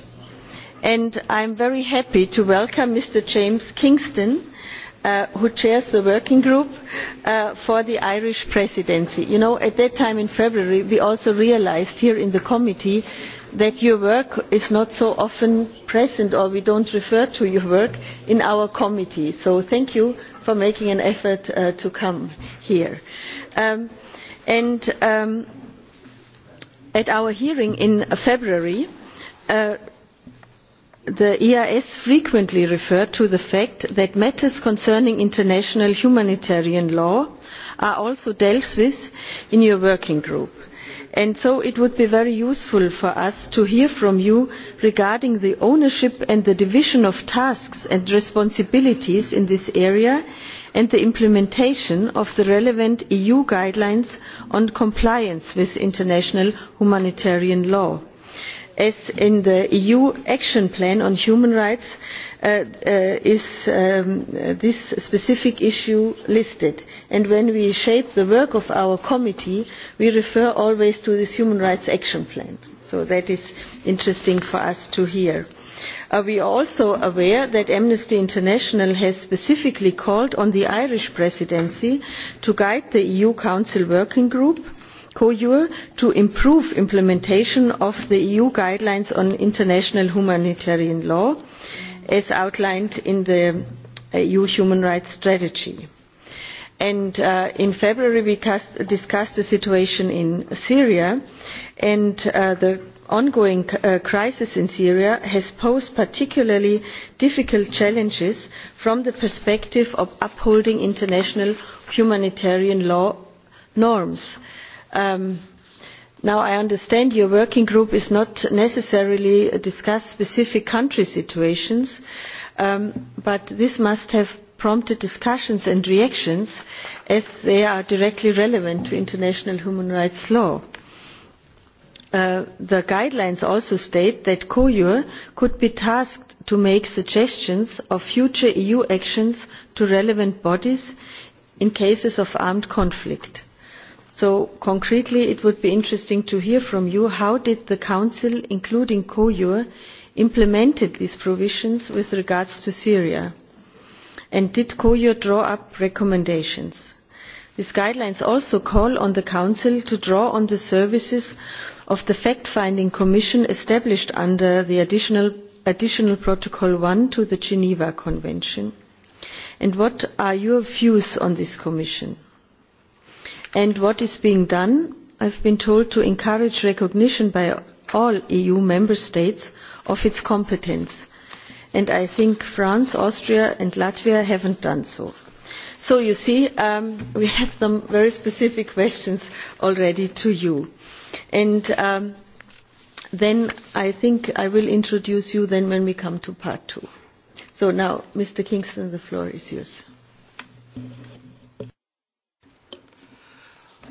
i am very happy to welcome mr james kingston Uh, who chairs the working group uh, for the irish presidency. You know, at that time in february we also realised here in the committee that your work is not so often present or we do not refer to your work in our committee so thank you for making an effort uh, to come here. Um, And um, at our hearing in February, uh, the eeas frequently referred to the fact that matters concerning international humanitarian law are also dealt with in your working group and so it would be very useful for us to hear from you regarding the ownership and the division of tasks and responsibilities in this area and and the implementation of the relevant eu guidelines on compliance with international humanitarian law as in the eu action plan on human rights uh, uh, is um, this specific issue listed and when we shape the work of our committee we refer always to this human rights action plan so that is interesting for us to hear. Uh, we are also aware that amnesty international has specifically called on the irish presidency to guide the eu council working group cour to improve implementation of the eu guidelines on international humanitarian law as outlined in the uh, eu human rights strategy. And, uh, in february we discussed the situation in syria and uh, the ongoing uh, crisis in syria has posed particularly difficult challenges from the perspective of upholding international humanitarian law norms. Um, now i understand your working group is not necessarily discussing specific country situations um, but this must have prompted discussions and reactions as they are directly relevant to international human rights law. Uh, the guidelines also state that cour could be tasked to make suggestions of future eu actions to relevant bodies in cases of armed conflict. so concretely it would be interesting to hear from you how did the council including cour implement these provisions with regard to syria and did cour draw up recommendations? these guidelines also call on the council to draw on the services of the fact finding commission established under the additional, additional protocol one to the geneva convention and what are your views on this commission and what is being done i have been told to encourage recognition by all eu member states of its competence and i think france austria and latvia have not done so. so you see um, we have some very specific questions already to you. And um, then I think I will introduce you then when we come to part two. So now, Mr. Kingston, the floor is yours.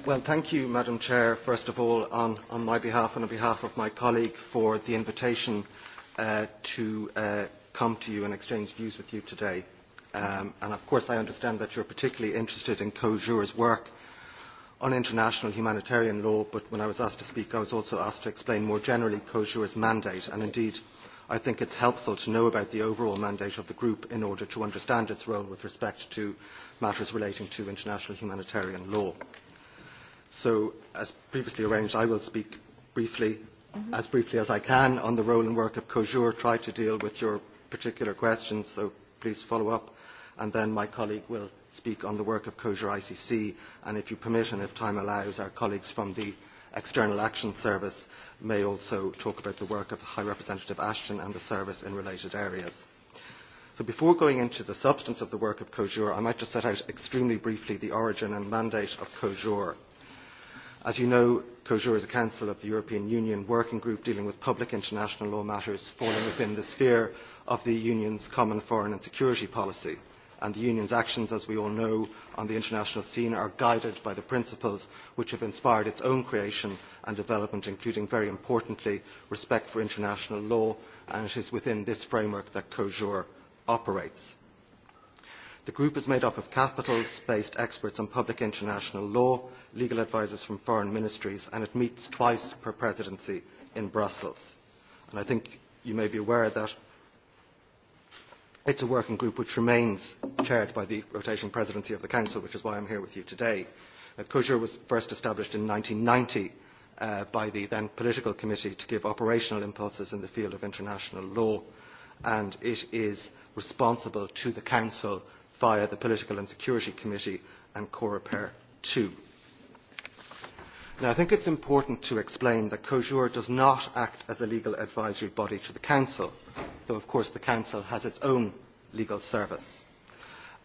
Well, thank you, Madam Chair, first of all, on, on my behalf and on behalf of my colleague for the invitation uh, to uh, come to you and exchange views with you today. Um, and of course, I understand that you're particularly interested in COSURE's work on international humanitarian law, but when I was asked to speak, I was also asked to explain more generally COSURE's mandate, and indeed I think it's helpful to know about the overall mandate of the group in order to understand its role with respect to matters relating to international humanitarian law. So, as previously arranged, I will speak briefly, mm-hmm. as briefly as I can, on the role and work of COSURE, try to deal with your particular questions, so please follow up and then my colleague will speak on the work of Kosher ICC, and if you permit and if time allows, our colleagues from the External Action Service may also talk about the work of High Representative Ashton and the service in related areas. So before going into the substance of the work of COJUR, I might just set out extremely briefly the origin and mandate of COJUR. As you know, COJUR is a Council of the European Union working group dealing with public international law matters falling within the sphere of the Union's common foreign and security policy and the union's actions as we all know on the international scene are guided by the principles which have inspired its own creation and development including very importantly respect for international law and it is within this framework that cosur operates. the group is made up of capitals based experts on public international law legal advisers from foreign ministries and it meets twice per presidency in brussels. And i think you may be aware that It's a working group which remains chaired by the rotation presidency of the Council, which is why I'm here with you today. Uh, CUSUR was first established in 1990 uh, by the then political committee to give operational impulses in the field of international law, and it is responsible to the Council via the Political and Security Committee and COREPER 2. Now, I think it's important to explain that COSUR does not act as a legal advisory body to the Council, though of course the Council has its own legal service.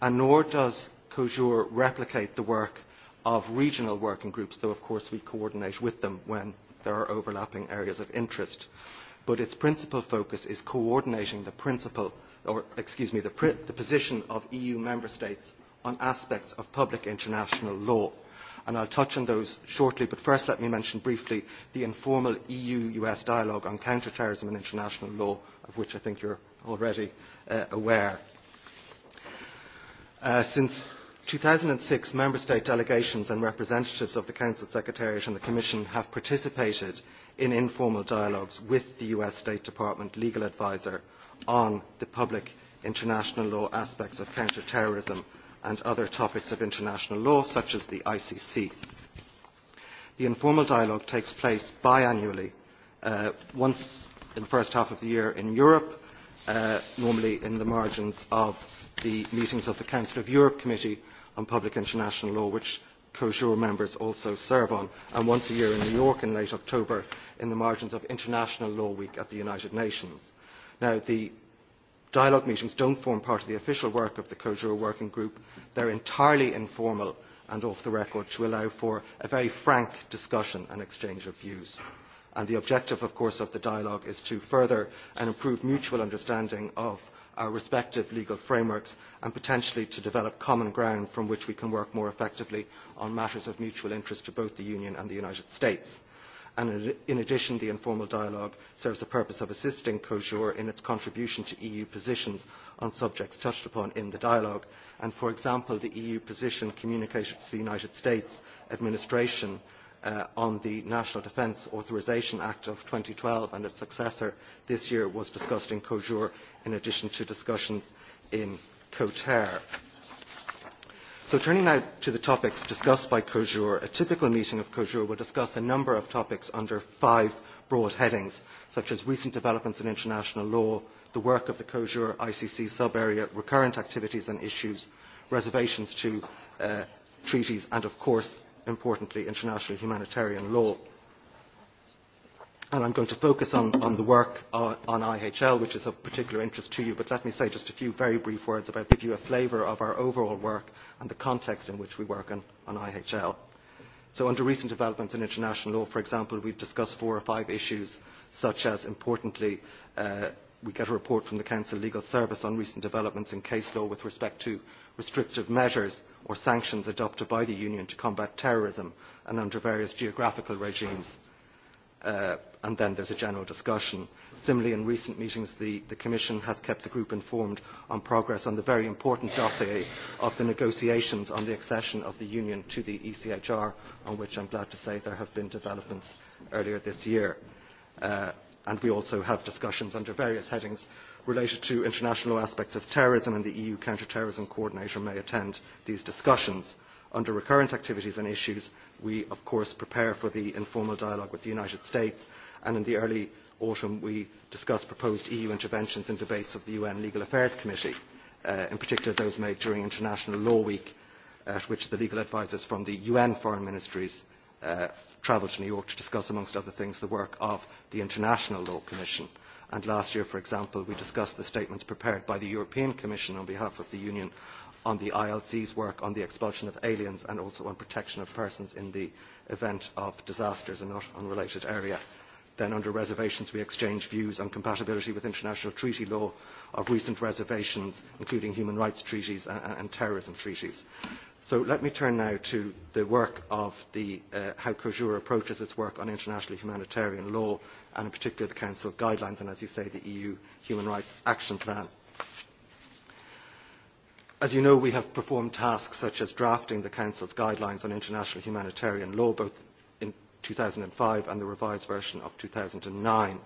And nor does COSUR replicate the work of regional working groups, though of course we coordinate with them when there are overlapping areas of interest. But its principal focus is coordinating the principle, or excuse me, the, pr the position of EU member states on aspects of public international law and i will touch on those shortly but first let me mention briefly the informal eu us dialogue on counter terrorism and international law of which i think you are already uh, aware. Uh, since two thousand and six member state delegations and representatives of the council secretariat and the commission have participated in informal dialogues with the us state department legal adviser on the public international law aspects of counter terrorism and other topics of international law such as the icc. the informal dialogue takes place biannually uh, once in the first half of the year in europe uh, normally in the margins of the meetings of the council of europe committee on public international law which cosur members also serve on and once a year in new york in late october in the margins of international law week at the united nations. Now, the Dialogue meetings don't form part of the official work of the COJUR working group. They're entirely informal and off the record to allow for a very frank discussion and exchange of views. And the objective, of course, of the dialogue is to further and improve mutual understanding of our respective legal frameworks and potentially to develop common ground from which we can work more effectively on matters of mutual interest to both the Union and the United States and in addition the informal dialogue serves the purpose of assisting cosur in its contribution to eu positions on subjects touched upon in the dialogue and for example the eu position communicated to the united states administration uh, on the national defence authorisation act of two thousand and twelve and its successor this year was discussed in cosur in addition to discussions in coterre. So turning now to the topics discussed by COSURE, a typical meeting of COSURE will discuss a number of topics under five broad headings, such as recent developments in international law, the work of the COSURE ICC sub-area, recurrent activities and issues, reservations to uh, treaties, and of course, importantly, international humanitarian law and I'm going to focus on, on the work uh, on IHL, which is of particular interest to you, but let me say just a few very brief words about give you a flavour of our overall work and the context in which we work on, on IHL. So under recent developments in international law, for example, we've discussed four or five issues, such as, importantly, uh, we get a report from the Council Legal Service on recent developments in case law with respect to restrictive measures or sanctions adopted by the Union to combat terrorism and under various geographical regimes. Uh, and then there is a general discussion. Similarly, in recent meetings, the, the Commission has kept the group informed on progress on the very important dossier of the negotiations on the accession of the Union to the ECHR, on which I'm glad to say there have been developments earlier this year. Uh, and we also have discussions under various headings related to international aspects of terrorism, and the EU counter-terrorism coordinator may attend these discussions under recurrent activities and issues, we of course prepare for the informal dialogue with the United States and in the early autumn we discussed proposed eu interventions in debates of the un legal affairs committee uh, in particular those made during international law week at which the legal advisers from the un foreign ministries uh, travelled to new york to discuss amongst other things the work of the international law commission and last year for example we discussed the statements prepared by the european commission on behalf of the union on the ilc's work on the expulsion of aliens and also on protection of persons in the event of disasters a not unrelated area then under reservations we exchange views on compatibility with international treaty law of recent reservations, including human rights treaties and, and terrorism treaties. So let me turn now to the work of the, uh, how COSUR approaches its work on international humanitarian law, and in particular the Council guidelines and, as you say, the EU Human Rights Action Plan. As you know, we have performed tasks such as drafting the Council's guidelines on international humanitarian law, both 2005 and the revised version of 2009.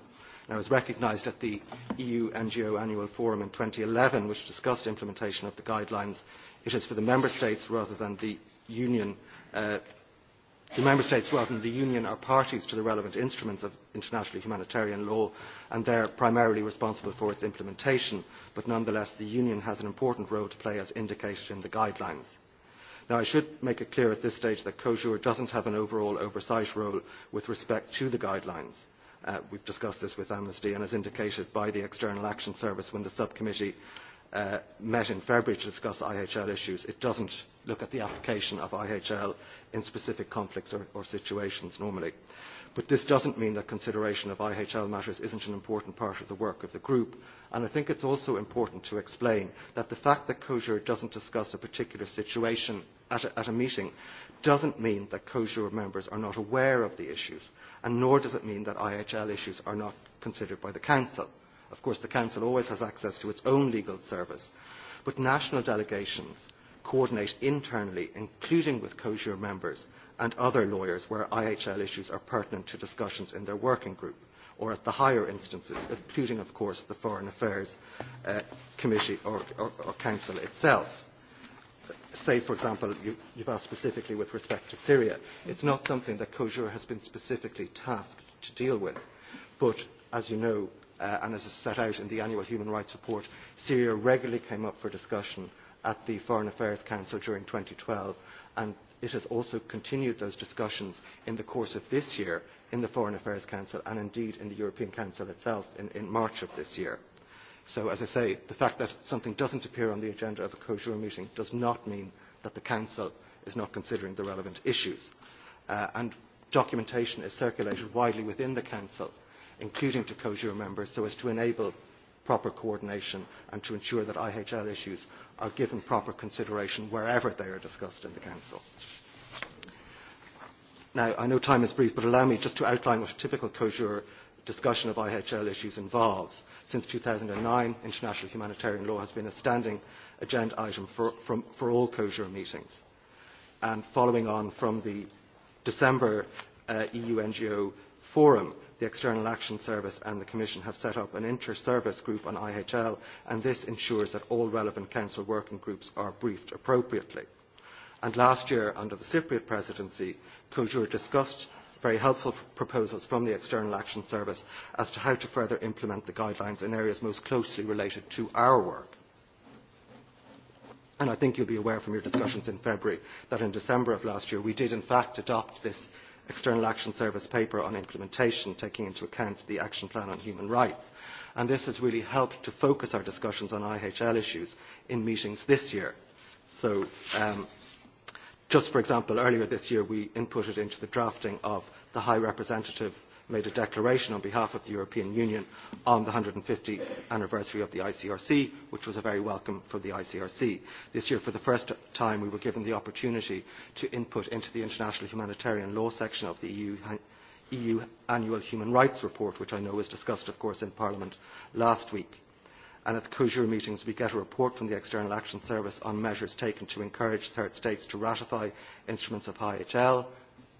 Now, it was recognised at the EU NGO Annual Forum in 2011, which discussed implementation of the guidelines. It is for the Member States rather than the Union uh, the member states rather than the union are parties to the relevant instruments of international humanitarian law and they are primarily responsible for its implementation but nonetheless the union has an important role to play as indicated in the guidelines. Now, I should make it clear at this stage that COSUR doesn't have an overall oversight role with respect to the guidelines. Uh, we've discussed this with Amnesty and as indicated by the External Action Service when the subcommittee uh, met in February to discuss IHL issues. It doesn't look at the application of IHL in specific conflicts or, or situations normally. Uh, but this does not mean that consideration of ihl matters is not an important part of the work of the group and i think it is also important to explain that the fact that cosur does not discuss a particular situation at a, at a meeting does not mean that cosur members are not aware of the issues and nor does it mean that ihl issues are not considered by the council. of course the council always has access to its own legal service but national delegations coordinate internally, including with COSURE members and other lawyers where IHL issues are pertinent to discussions in their working group or at the higher instances, including, of course, the Foreign Affairs uh, Committee or, or, or Council itself. Say, for example, you, you've asked specifically with respect to Syria. It's not something that COSURE has been specifically tasked to deal with. But, as you know, uh, and as is set out in the annual human rights report, Syria regularly came up for discussion at the Foreign Affairs Council during 2012, and it has also continued those discussions in the course of this year in the Foreign Affairs Council and indeed in the European Council itself in, in March of this year. So, as I say, the fact that something doesn't appear on the agenda of a COJUR meeting does not mean that the Council is not considering the relevant issues. Uh, and documentation is circulated widely within the Council, including to COJUR members, so as to enable proper coordination and to ensure that IHL issues are given proper consideration wherever they are discussed in the Council. Now, I know time is brief, but allow me just to outline what a typical COSURE discussion of IHL issues involves. Since 2009, international humanitarian law has been a standing agenda item for, from, for all COSURE meetings. And following on from the December uh, EU NGO forum, the external action service and the commission have set up an inter service group on ihl and this ensures that all relevant council working groups are briefed appropriately. And last year under the cypriot presidency culture discussed very helpful proposals from the external action service as to how to further implement the guidelines in areas most closely related to our work. And I think you'll be aware from your discussions in February that in December of last year we did in fact adopt this External Action Service paper on implementation, taking into account the Action Plan on Human Rights. And this has really helped to focus our discussions on IHL issues in meetings this year. So, um, just for example, earlier this year we inputted into the drafting of the High Representative made a declaration on behalf of the European Union on the 150th anniversary of the ICRC, which was a very welcome for the ICRC. This year, for the first time, we were given the opportunity to input into the international humanitarian law section of the EU EU annual human rights report, which I know was discussed, of course, in Parliament last week. And at the COSURE meetings, we get a report from the External Action Service on measures taken to encourage third states to ratify instruments of IHL,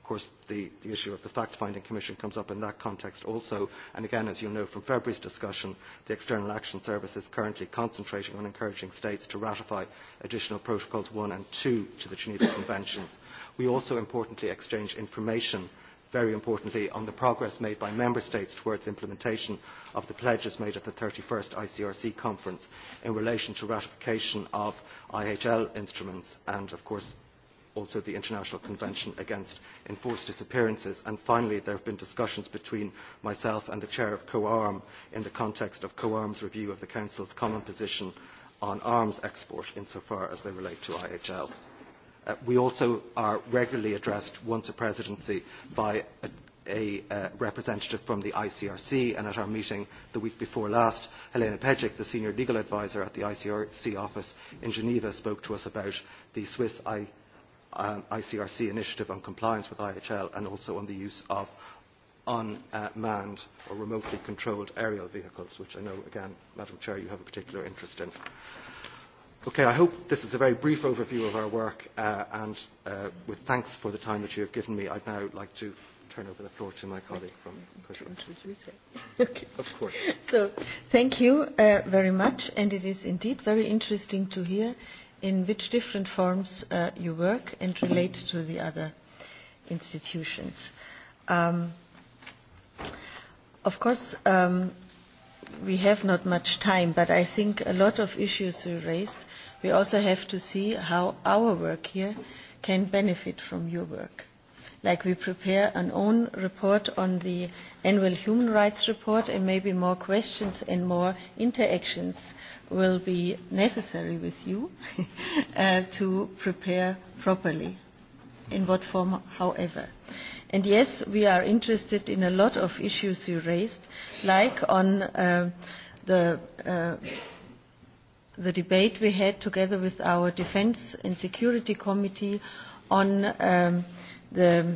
course, the, the issue of the fact-finding commission comes up in that context also. And again, as you know from February's discussion, the External Action Service is currently concentrating on encouraging states to ratify additional protocols 1 and 2 to the Geneva Conventions. We also importantly exchange information very importantly on the progress made by member states towards implementation of the pledges made at the 31st ICRC conference in relation to ratification of IHL instruments and of course also the International Convention Against Enforced Disappearances. And finally, there have been discussions between myself and the chair of COARM in the context of COARM's review of the Council's common position on arms export insofar as they relate to IHL. Uh, we also are regularly addressed once a presidency by a, a uh, representative from the ICRC and at our meeting the week before last, Helena Pejic, the senior legal advisor at the ICRC office in Geneva, spoke to us about the Swiss ICRC um, ICRC initiative on compliance with IHL and also on the use of unmanned or remotely controlled aerial vehicles, which I know, again, Madam Chair, you have a particular interest in. Okay, I hope this is a very brief overview of our work, uh, and uh, with thanks for the time that you have given me, I'd now like to turn over the floor to my colleague from Kosher. Okay. Of course. So, thank you uh, very much, and it is indeed very interesting to hear in which different forms uh, you work and relate to the other institutions. Um, of course, um, we have not much time, but I think a lot of issues you raised, we also have to see how our work here can benefit from your work. Like we prepare an own report on the annual human rights report and maybe more questions and more interactions uh, will be necessary with you uh, to prepare properly, in what form, however. And yes, we are interested in a lot of issues you raised, like on uh, the, uh, the debate we had together with our Defense and Security Committee on um, the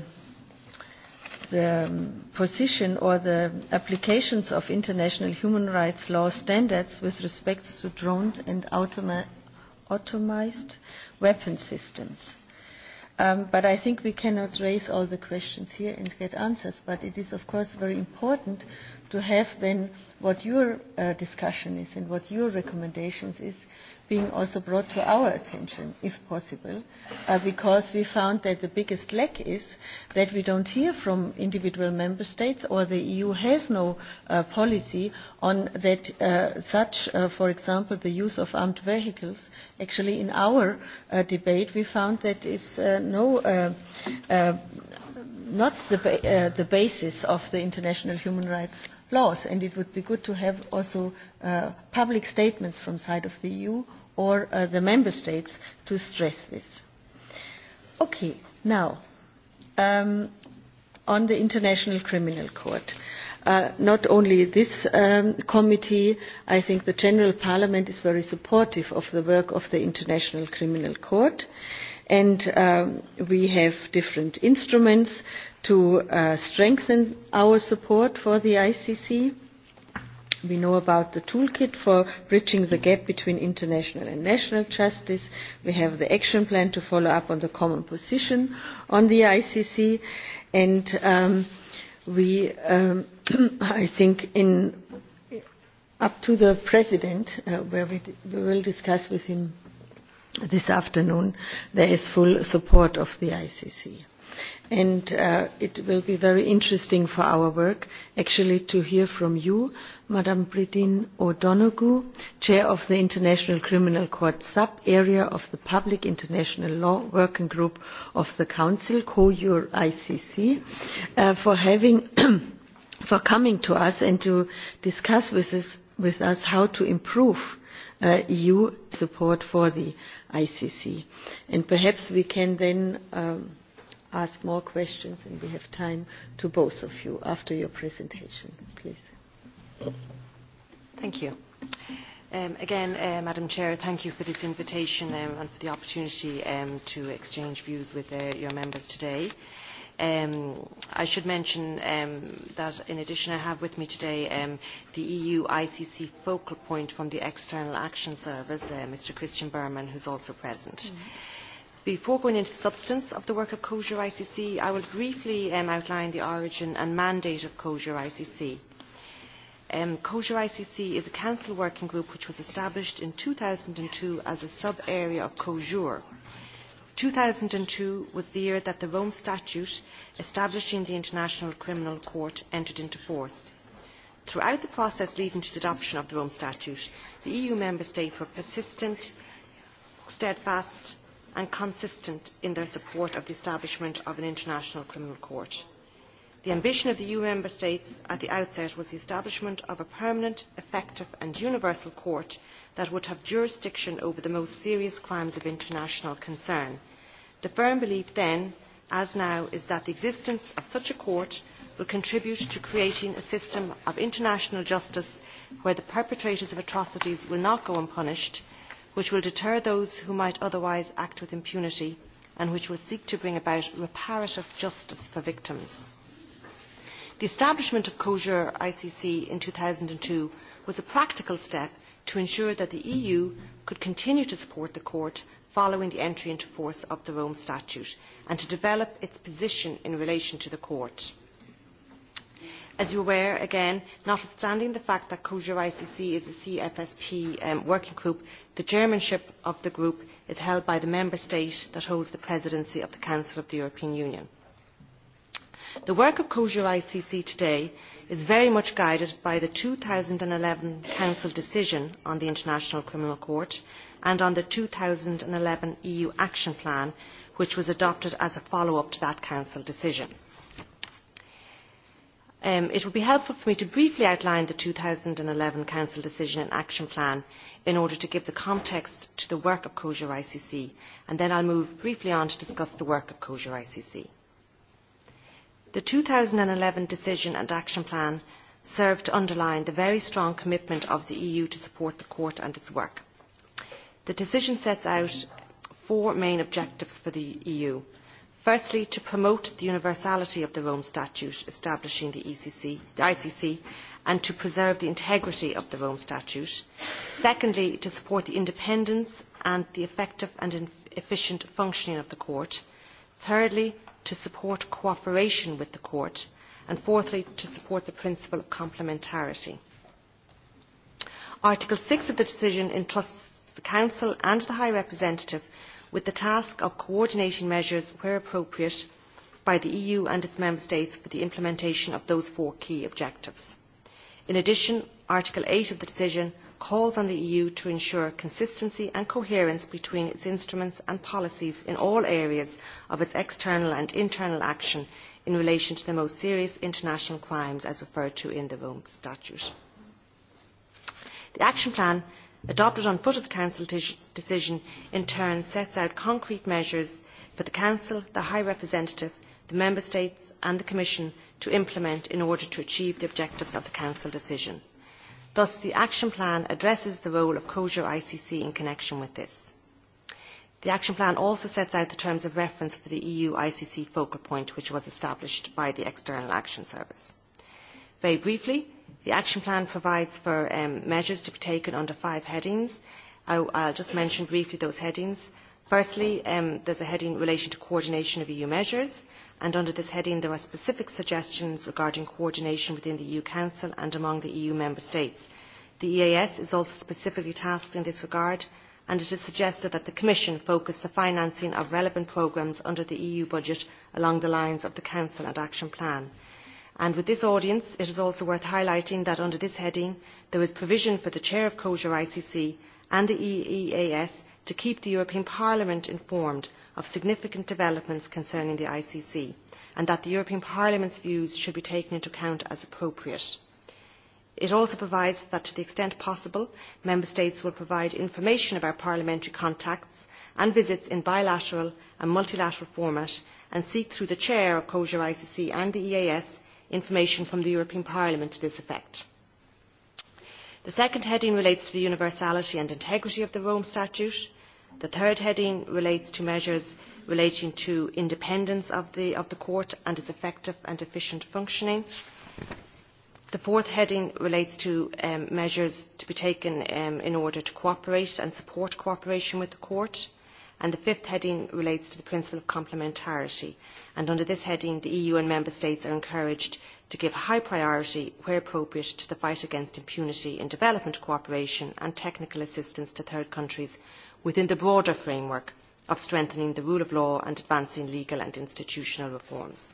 the um, position or the applications of international human rights law standards with respect to drones and automa automized weapon systems. Um, but I think we cannot raise all the questions here and get answers. But it is, of course, very important to have then what your uh, discussion is and what your recommendations is being also brought to our attention, if possible, uh, because we found that the biggest lack is that we don't hear from individual member states or the EU has no uh, policy on that uh, such, uh, for example, the use of armed vehicles. Actually, in our uh, debate, we found that is uh, no uh, uh, not the, ba uh, the basis of the international human rights laws, and it would be good to have also uh, public statements from the side of the EU or uh, the member states to stress this. Okay, now, um, on the International Criminal Court. Uh, not only this um, committee, I think the General Parliament is very supportive of the work of the International Criminal Court. And um, we have different instruments to uh, strengthen our support for the ICC. Uh, We know about the toolkit for bridging the gap between international and national justice. We have the action plan to follow up on the common position on the ICC. And um, we, um, I think, in, up to the President, uh, where we, we will discuss with him this afternoon, there is full support of the ICC and uh, it will be very interesting for our work actually to hear from you, Madam Bridin O'Donoghue, Chair of the International Criminal Court Sub-Area of the Public International Law Working Group of the Council, COUR ICC, uh, for having for coming to us and to discuss with us, with us how to improve uh, EU support for the ICC. And perhaps we can then um, ask more questions, and we have time to both of you after your presentation. Please. Thank you. Um, again, uh, Madam Chair, thank you for this invitation um, and for the opportunity um, to exchange views with uh, your members today. Um, I should mention um, that in addition I have with me today um, the EU ICC focal point from the External Action Service, uh, Mr Christian Berman, who's also present. Mm-hmm. Before going into the substance of the work of COSURE ICC, I will briefly um, outline the origin and mandate of COSURE ICC. Um, COSURE ICC is a council working group which was established in 2002 as a sub-area of COSURE. 2002 was the year that the Rome Statute establishing the International Criminal Court entered into force. Throughout the process leading to the adoption of the Rome Statute, the EU member states were persistent, steadfast and consistent in their support of the establishment of an international criminal court. The ambition of the EU member states at the outset was the establishment of a permanent, effective and universal court that would have jurisdiction over the most serious crimes of international concern. The firm belief then, as now, is that the existence of such a court will contribute to creating a system of international justice where the perpetrators of atrocities will not go unpunished which will deter those who might otherwise act with impunity and which will seek to bring about reparative justice for victims. The establishment of COSURE ICC in 2002 was a practical step to ensure that the EU could continue to support the court following the entry into force of the Rome Statute and to develop its position in relation to the court as you are aware again notwithstanding the fact that cosur icc is a cfsp um, working group the chairmanship of the group is held by the member state that holds the presidency of the council of the european union. the work of cosur icc today is very much guided by the two thousand and eleven council decision on the international criminal court and on the two thousand and eleven eu action plan which was adopted as a follow up to that council decision Um, it would be helpful for me to briefly outline the two thousand and eleven council decision and action plan in order to give the context to the work of cosur icc and then i will move briefly on to discuss the work of cosur icc. the two thousand and eleven decision and action plan served to underline the very strong commitment of the eu to support the court and its work. the decision sets out four main objectives for the eu firstly to promote the universality of the rome statute establishing the, ECC, the icc and to preserve the integrity of the rome statute secondly to support the independence and the effective and efficient functioning of the court thirdly to support cooperation with the court and fourthly to support the principle of complementarity. article six of the decision entrusts the council and the high representative with the task of coordinating measures where appropriate by the eu and its member states for the implementation of those four key objectives. in addition article eight of the decision calls on the eu to ensure consistency and coherence between its instruments and policies in all areas of its external and internal action in relation to the most serious international crimes as referred to in the rome statute. the action plan adopted on foot of the council decision in turn sets out concrete measures for the council the high representative the member states and the commission to implement in order to achieve the objectives of the council decision. thus the action plan addresses the role of cosur icc in connection with this. the action plan also sets out the terms of reference for the eu icc focal point which was established by the external action service. very briefly The action plan provides for um, measures to be taken under five headings. I, I'll just mention briefly those headings. Firstly, um, there's a heading in relation to coordination of EU measures, and under this heading there are specific suggestions regarding coordination within the EU Council and among the EU Member States. The EAS is also specifically tasked in this regard, and it is suggested that the Commission focus the financing of relevant programmes under the EU budget along the lines of the Council and Action Plan. Uh, And with this audience it is also worth highlighting that under this heading there is provision for the chair of cosur icc and the eeas to keep the european parliament informed of significant developments concerning the icc and that the european parliament's views should be taken into account as appropriate. it also provides that to the extent possible member states will provide information about parliamentary contacts and visits in bilateral and multilateral format and seek through the chair of cosur icc and the eeas information from the European Parliament to this effect. The second heading relates to the universality and integrity of the Rome Statute. The third heading relates to measures relating to independence of the, of the court and its effective and efficient functioning. The fourth heading relates to um, measures to be taken um, in order to cooperate and support cooperation with the court and the fifth heading relates to the principle of complementarity and under this heading the eu and member states are encouraged to give high priority where appropriate to the fight against impunity in development cooperation and technical assistance to third countries within the broader framework of strengthening the rule of law and advancing legal and institutional reforms.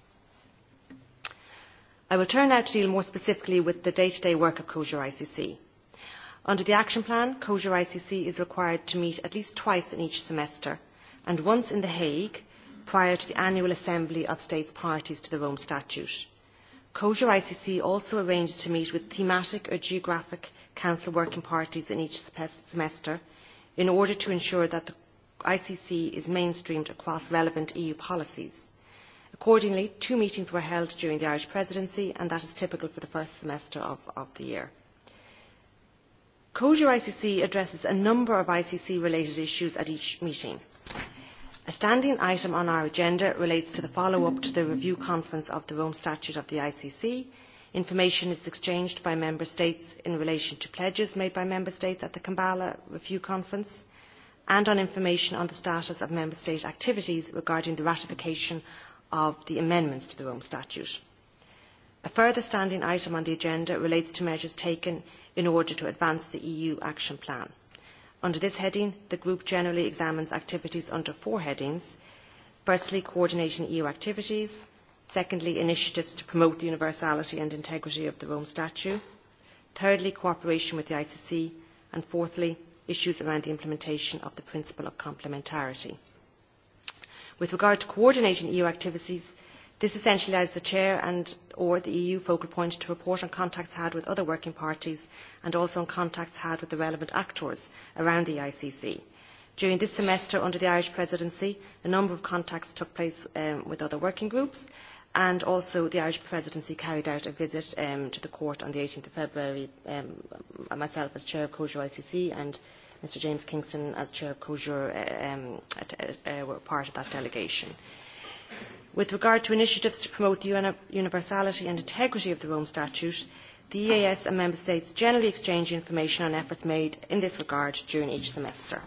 I will turn now to deal more specifically with the day-to-day -day work of COSUR ICC under the action plan kosher icc is required to meet at least twice in each semester and once in the hague prior to the annual assembly of states parties to the rome statute. kosher icc also arranges to meet with thematic or geographic council working parties in each semester in order to ensure that the icc is mainstreamed across relevant eu policies. accordingly two meetings were held during the irish presidency and that is typical for the first semester of, of the year kosher icc addresses a number of icc related issues at each meeting. a standing item on our agenda relates to the follow up to the review conference of the rome statute of the icc information is exchanged by member states in relation to pledges made by member states at the kampala review conference and on information on the status of member state activities regarding the ratification of the amendments to the rome statute. A further standing item on the agenda relates to measures taken in order to advance the EU Action Plan. Under this heading, the group generally examines activities under four headings. Firstly, coordinating EU activities. Secondly, initiatives to promote the universality and integrity of the Rome Statute. Thirdly, cooperation with the ICC. And fourthly, issues around the implementation of the principle of complementarity. With regard to coordinating EU activities, This essentially allows the Chair and or the EU focal point to report on contacts had with other working parties and also on contacts had with the relevant actors around the ICC. During this semester under the Irish presidency, a number of contacts took place um, with other working groups and also the Irish presidency carried out a visit um, to the court on the 18th of February, um, myself as chair of COSUR ICC and Mr James Kingston as chair of COSUR uh, um, uh, uh, were part of that delegation. Uh, with regard to initiatives to promote the universality and integrity of the rome statute the eeas and member states generally exchange information on efforts made in this regard during each semester.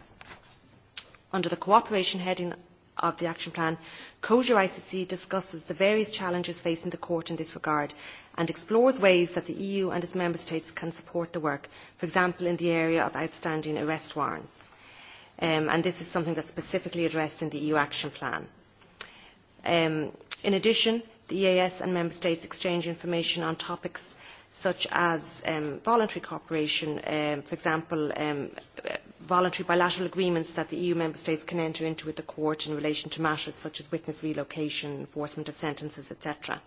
under the cooperation heading of the action plan cosur icc discusses the various challenges facing the court in this regard and explores ways that the eu and its member states can support the work for example in the area of outstanding arrest warrants um, and this is something that is specifically addressed in the eu action plan. Um, in addition, the EAS and Member States exchange information on topics such as um, voluntary cooperation, um, for example, um, voluntary bilateral agreements that the EU Member States can enter into with the Court in relation to matters such as witness relocation, enforcement of sentences, etc.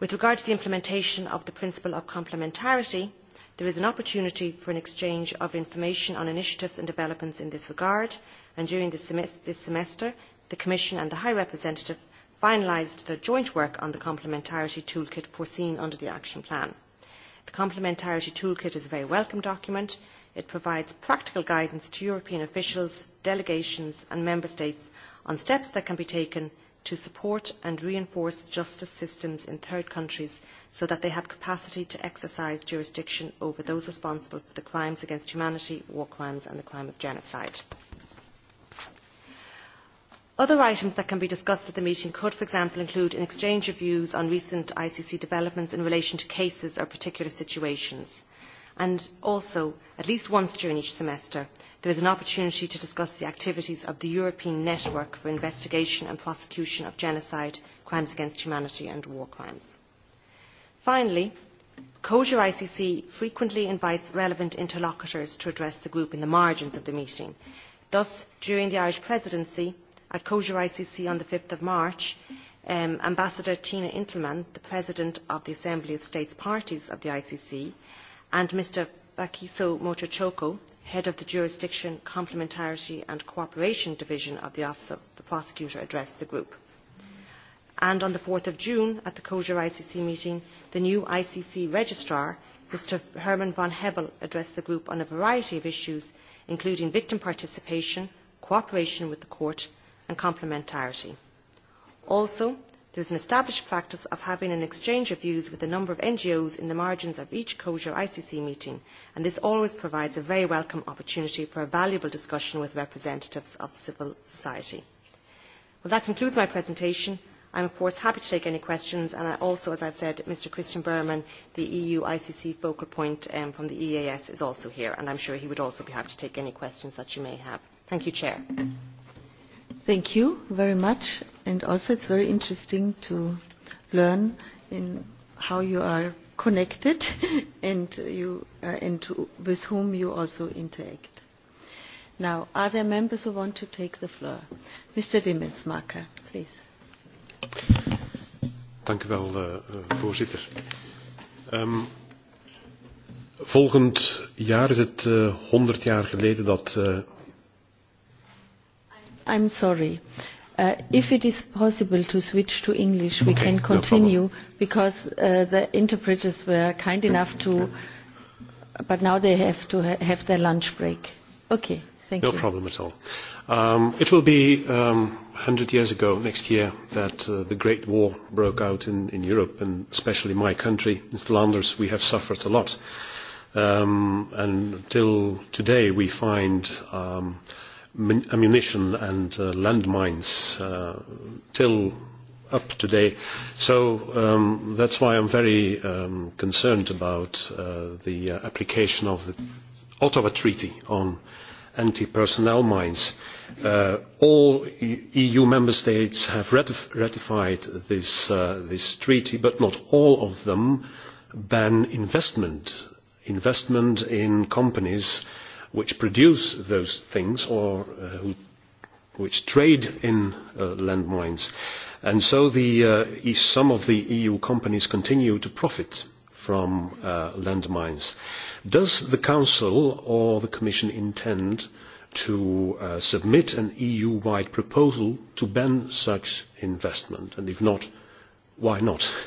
With regard to the implementation of the principle of complementarity, there is an opportunity for an exchange of information on initiatives and developments in this regard, and during this, semest this semester, the commission and the high representative finalised their joint work on the complementarity toolkit foreseen under the action plan. the complementarity toolkit is a very welcome document. it provides practical guidance to european officials delegations and member states on steps that can be taken to support and reinforce justice systems in third countries so that they have capacity to exercise jurisdiction over those responsible for the crimes against humanity war crimes and the crime of genocide other items that can be discussed at the meeting could for example include an exchange of views on recent icc developments in relation to cases or particular situations and also at least once during each semester there is an opportunity to discuss the activities of the european network for investigation and prosecution of genocide crimes against humanity and war crimes. finally kosher icc frequently invites relevant interlocutors to address the group in the margins of the meeting. thus during the irish presidency At COSUR ICC on the 5th of March, um, Ambassador Tina Intelman, the President of the Assembly of States Parties of the ICC, and Mr. Bakiso Motochoko, Head of the Jurisdiction, Complementarity and Cooperation Division of the Office of the Prosecutor, addressed the group. And on the 4th of June, at the COSUR ICC meeting, the new ICC Registrar, Mr. Herman von Hebel, addressed the group on a variety of issues, including victim participation, cooperation with the court, and complementarity. Also, there is an established practice of having an exchange of views with a number of ngos in the margins of each cosur icc meeting and this always provides a very welcome opportunity for a valuable discussion with representatives of civil society. Well, that concludes my presentation. i am of course happy to take any questions and I also as i have said mr christian berman the eu icc focal point um, from the eas is also here and i am sure he would also be happy to take any questions that you may have. thank you chair. Mm -hmm. Thank you very much. And also it's very interesting to learn in how you are connected and, you, uh, and to, with whom you also interact. Now, are there members who want to take the floor? Mr. Dimmelsmaker, please. Dank u wel, uh, voorzitter. Um, volgend jaar is het eh, honderd uh, jaar geleden dat uh, I'm sorry. Uh, if it is possible to switch to English, we okay, can continue no because uh, the interpreters were kind enough to, but now they have to ha have their lunch break. Okay, thank no you. No problem at all. Um, it will be um, 100 years ago next year that uh, the Great War broke out in, in Europe and especially my country, in Flanders, we have suffered a lot. Um, and until today we find um, uh, ammunition and uh, landmines uh, till up today. So um, that's why I'm very um, concerned about uh, the uh, application of the Ottawa Treaty on anti-personnel mines. Uh, all EU e member states have ratif ratified this, uh, this treaty, but not all of them ban investment, investment in companies uh, which produce those things or uh, who, which trade in uh, landmines. And so the, uh, e-, some of the EU companies continue to profit from uh, landmines. Does the Council or the Commission intend to uh, submit an EU-wide proposal to ban such investment? And if not, why not?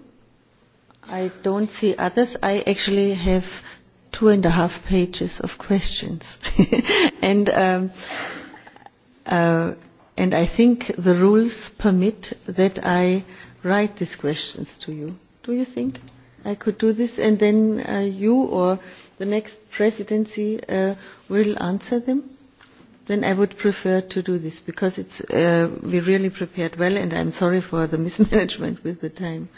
I don't see others. I actually have two and a half pages of questions. and, um, uh, and I think the rules permit that I write these questions to you. Do you think I could do this? And then uh, you or the next presidency uh, will answer them? Then I would prefer to do this because it's, uh, we really prepared well and I'm sorry for the mismanagement with the time. Uh,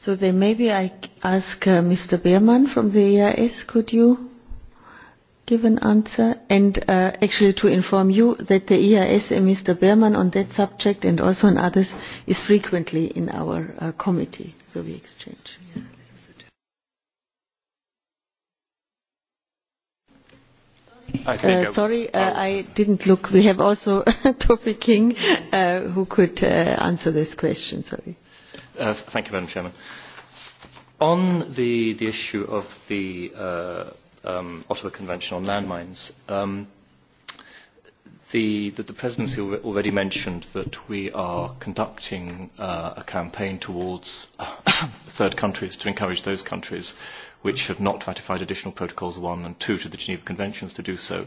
So then maybe I ask uh, Mr. Beerman from the EIS, could you give an answer? And uh, actually to inform you that the EIS and Mr. Beerman on that subject and also on others is frequently in our uh, committee, so we exchange. Yeah. I think uh, sorry, uh, I didn't look. We have also Toby King uh, who could uh, answer this question. Sorry. Uh, thank you, Madam Chairman. On the, the issue of the uh, um, Ottawa Convention on landmines, um, the, the, the Presidency already mentioned that we are conducting uh, a campaign towards third countries to encourage those countries which have not ratified additional protocols 1 and 2 to the Geneva Conventions to do so. Uh,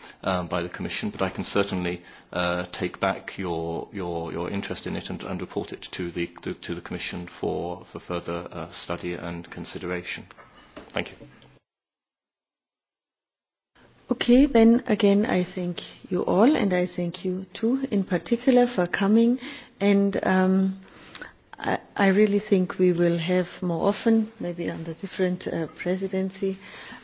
um, by the Commission, but I can certainly uh, take back your, your, your interest in it and, and report it to the, to, to the Commission for, for further uh, study and consideration. Thank you. Okay, then again, I thank you all, and I thank you too, in particular, for coming. And um, I, I really think we will have more often, maybe under different uh, presidency,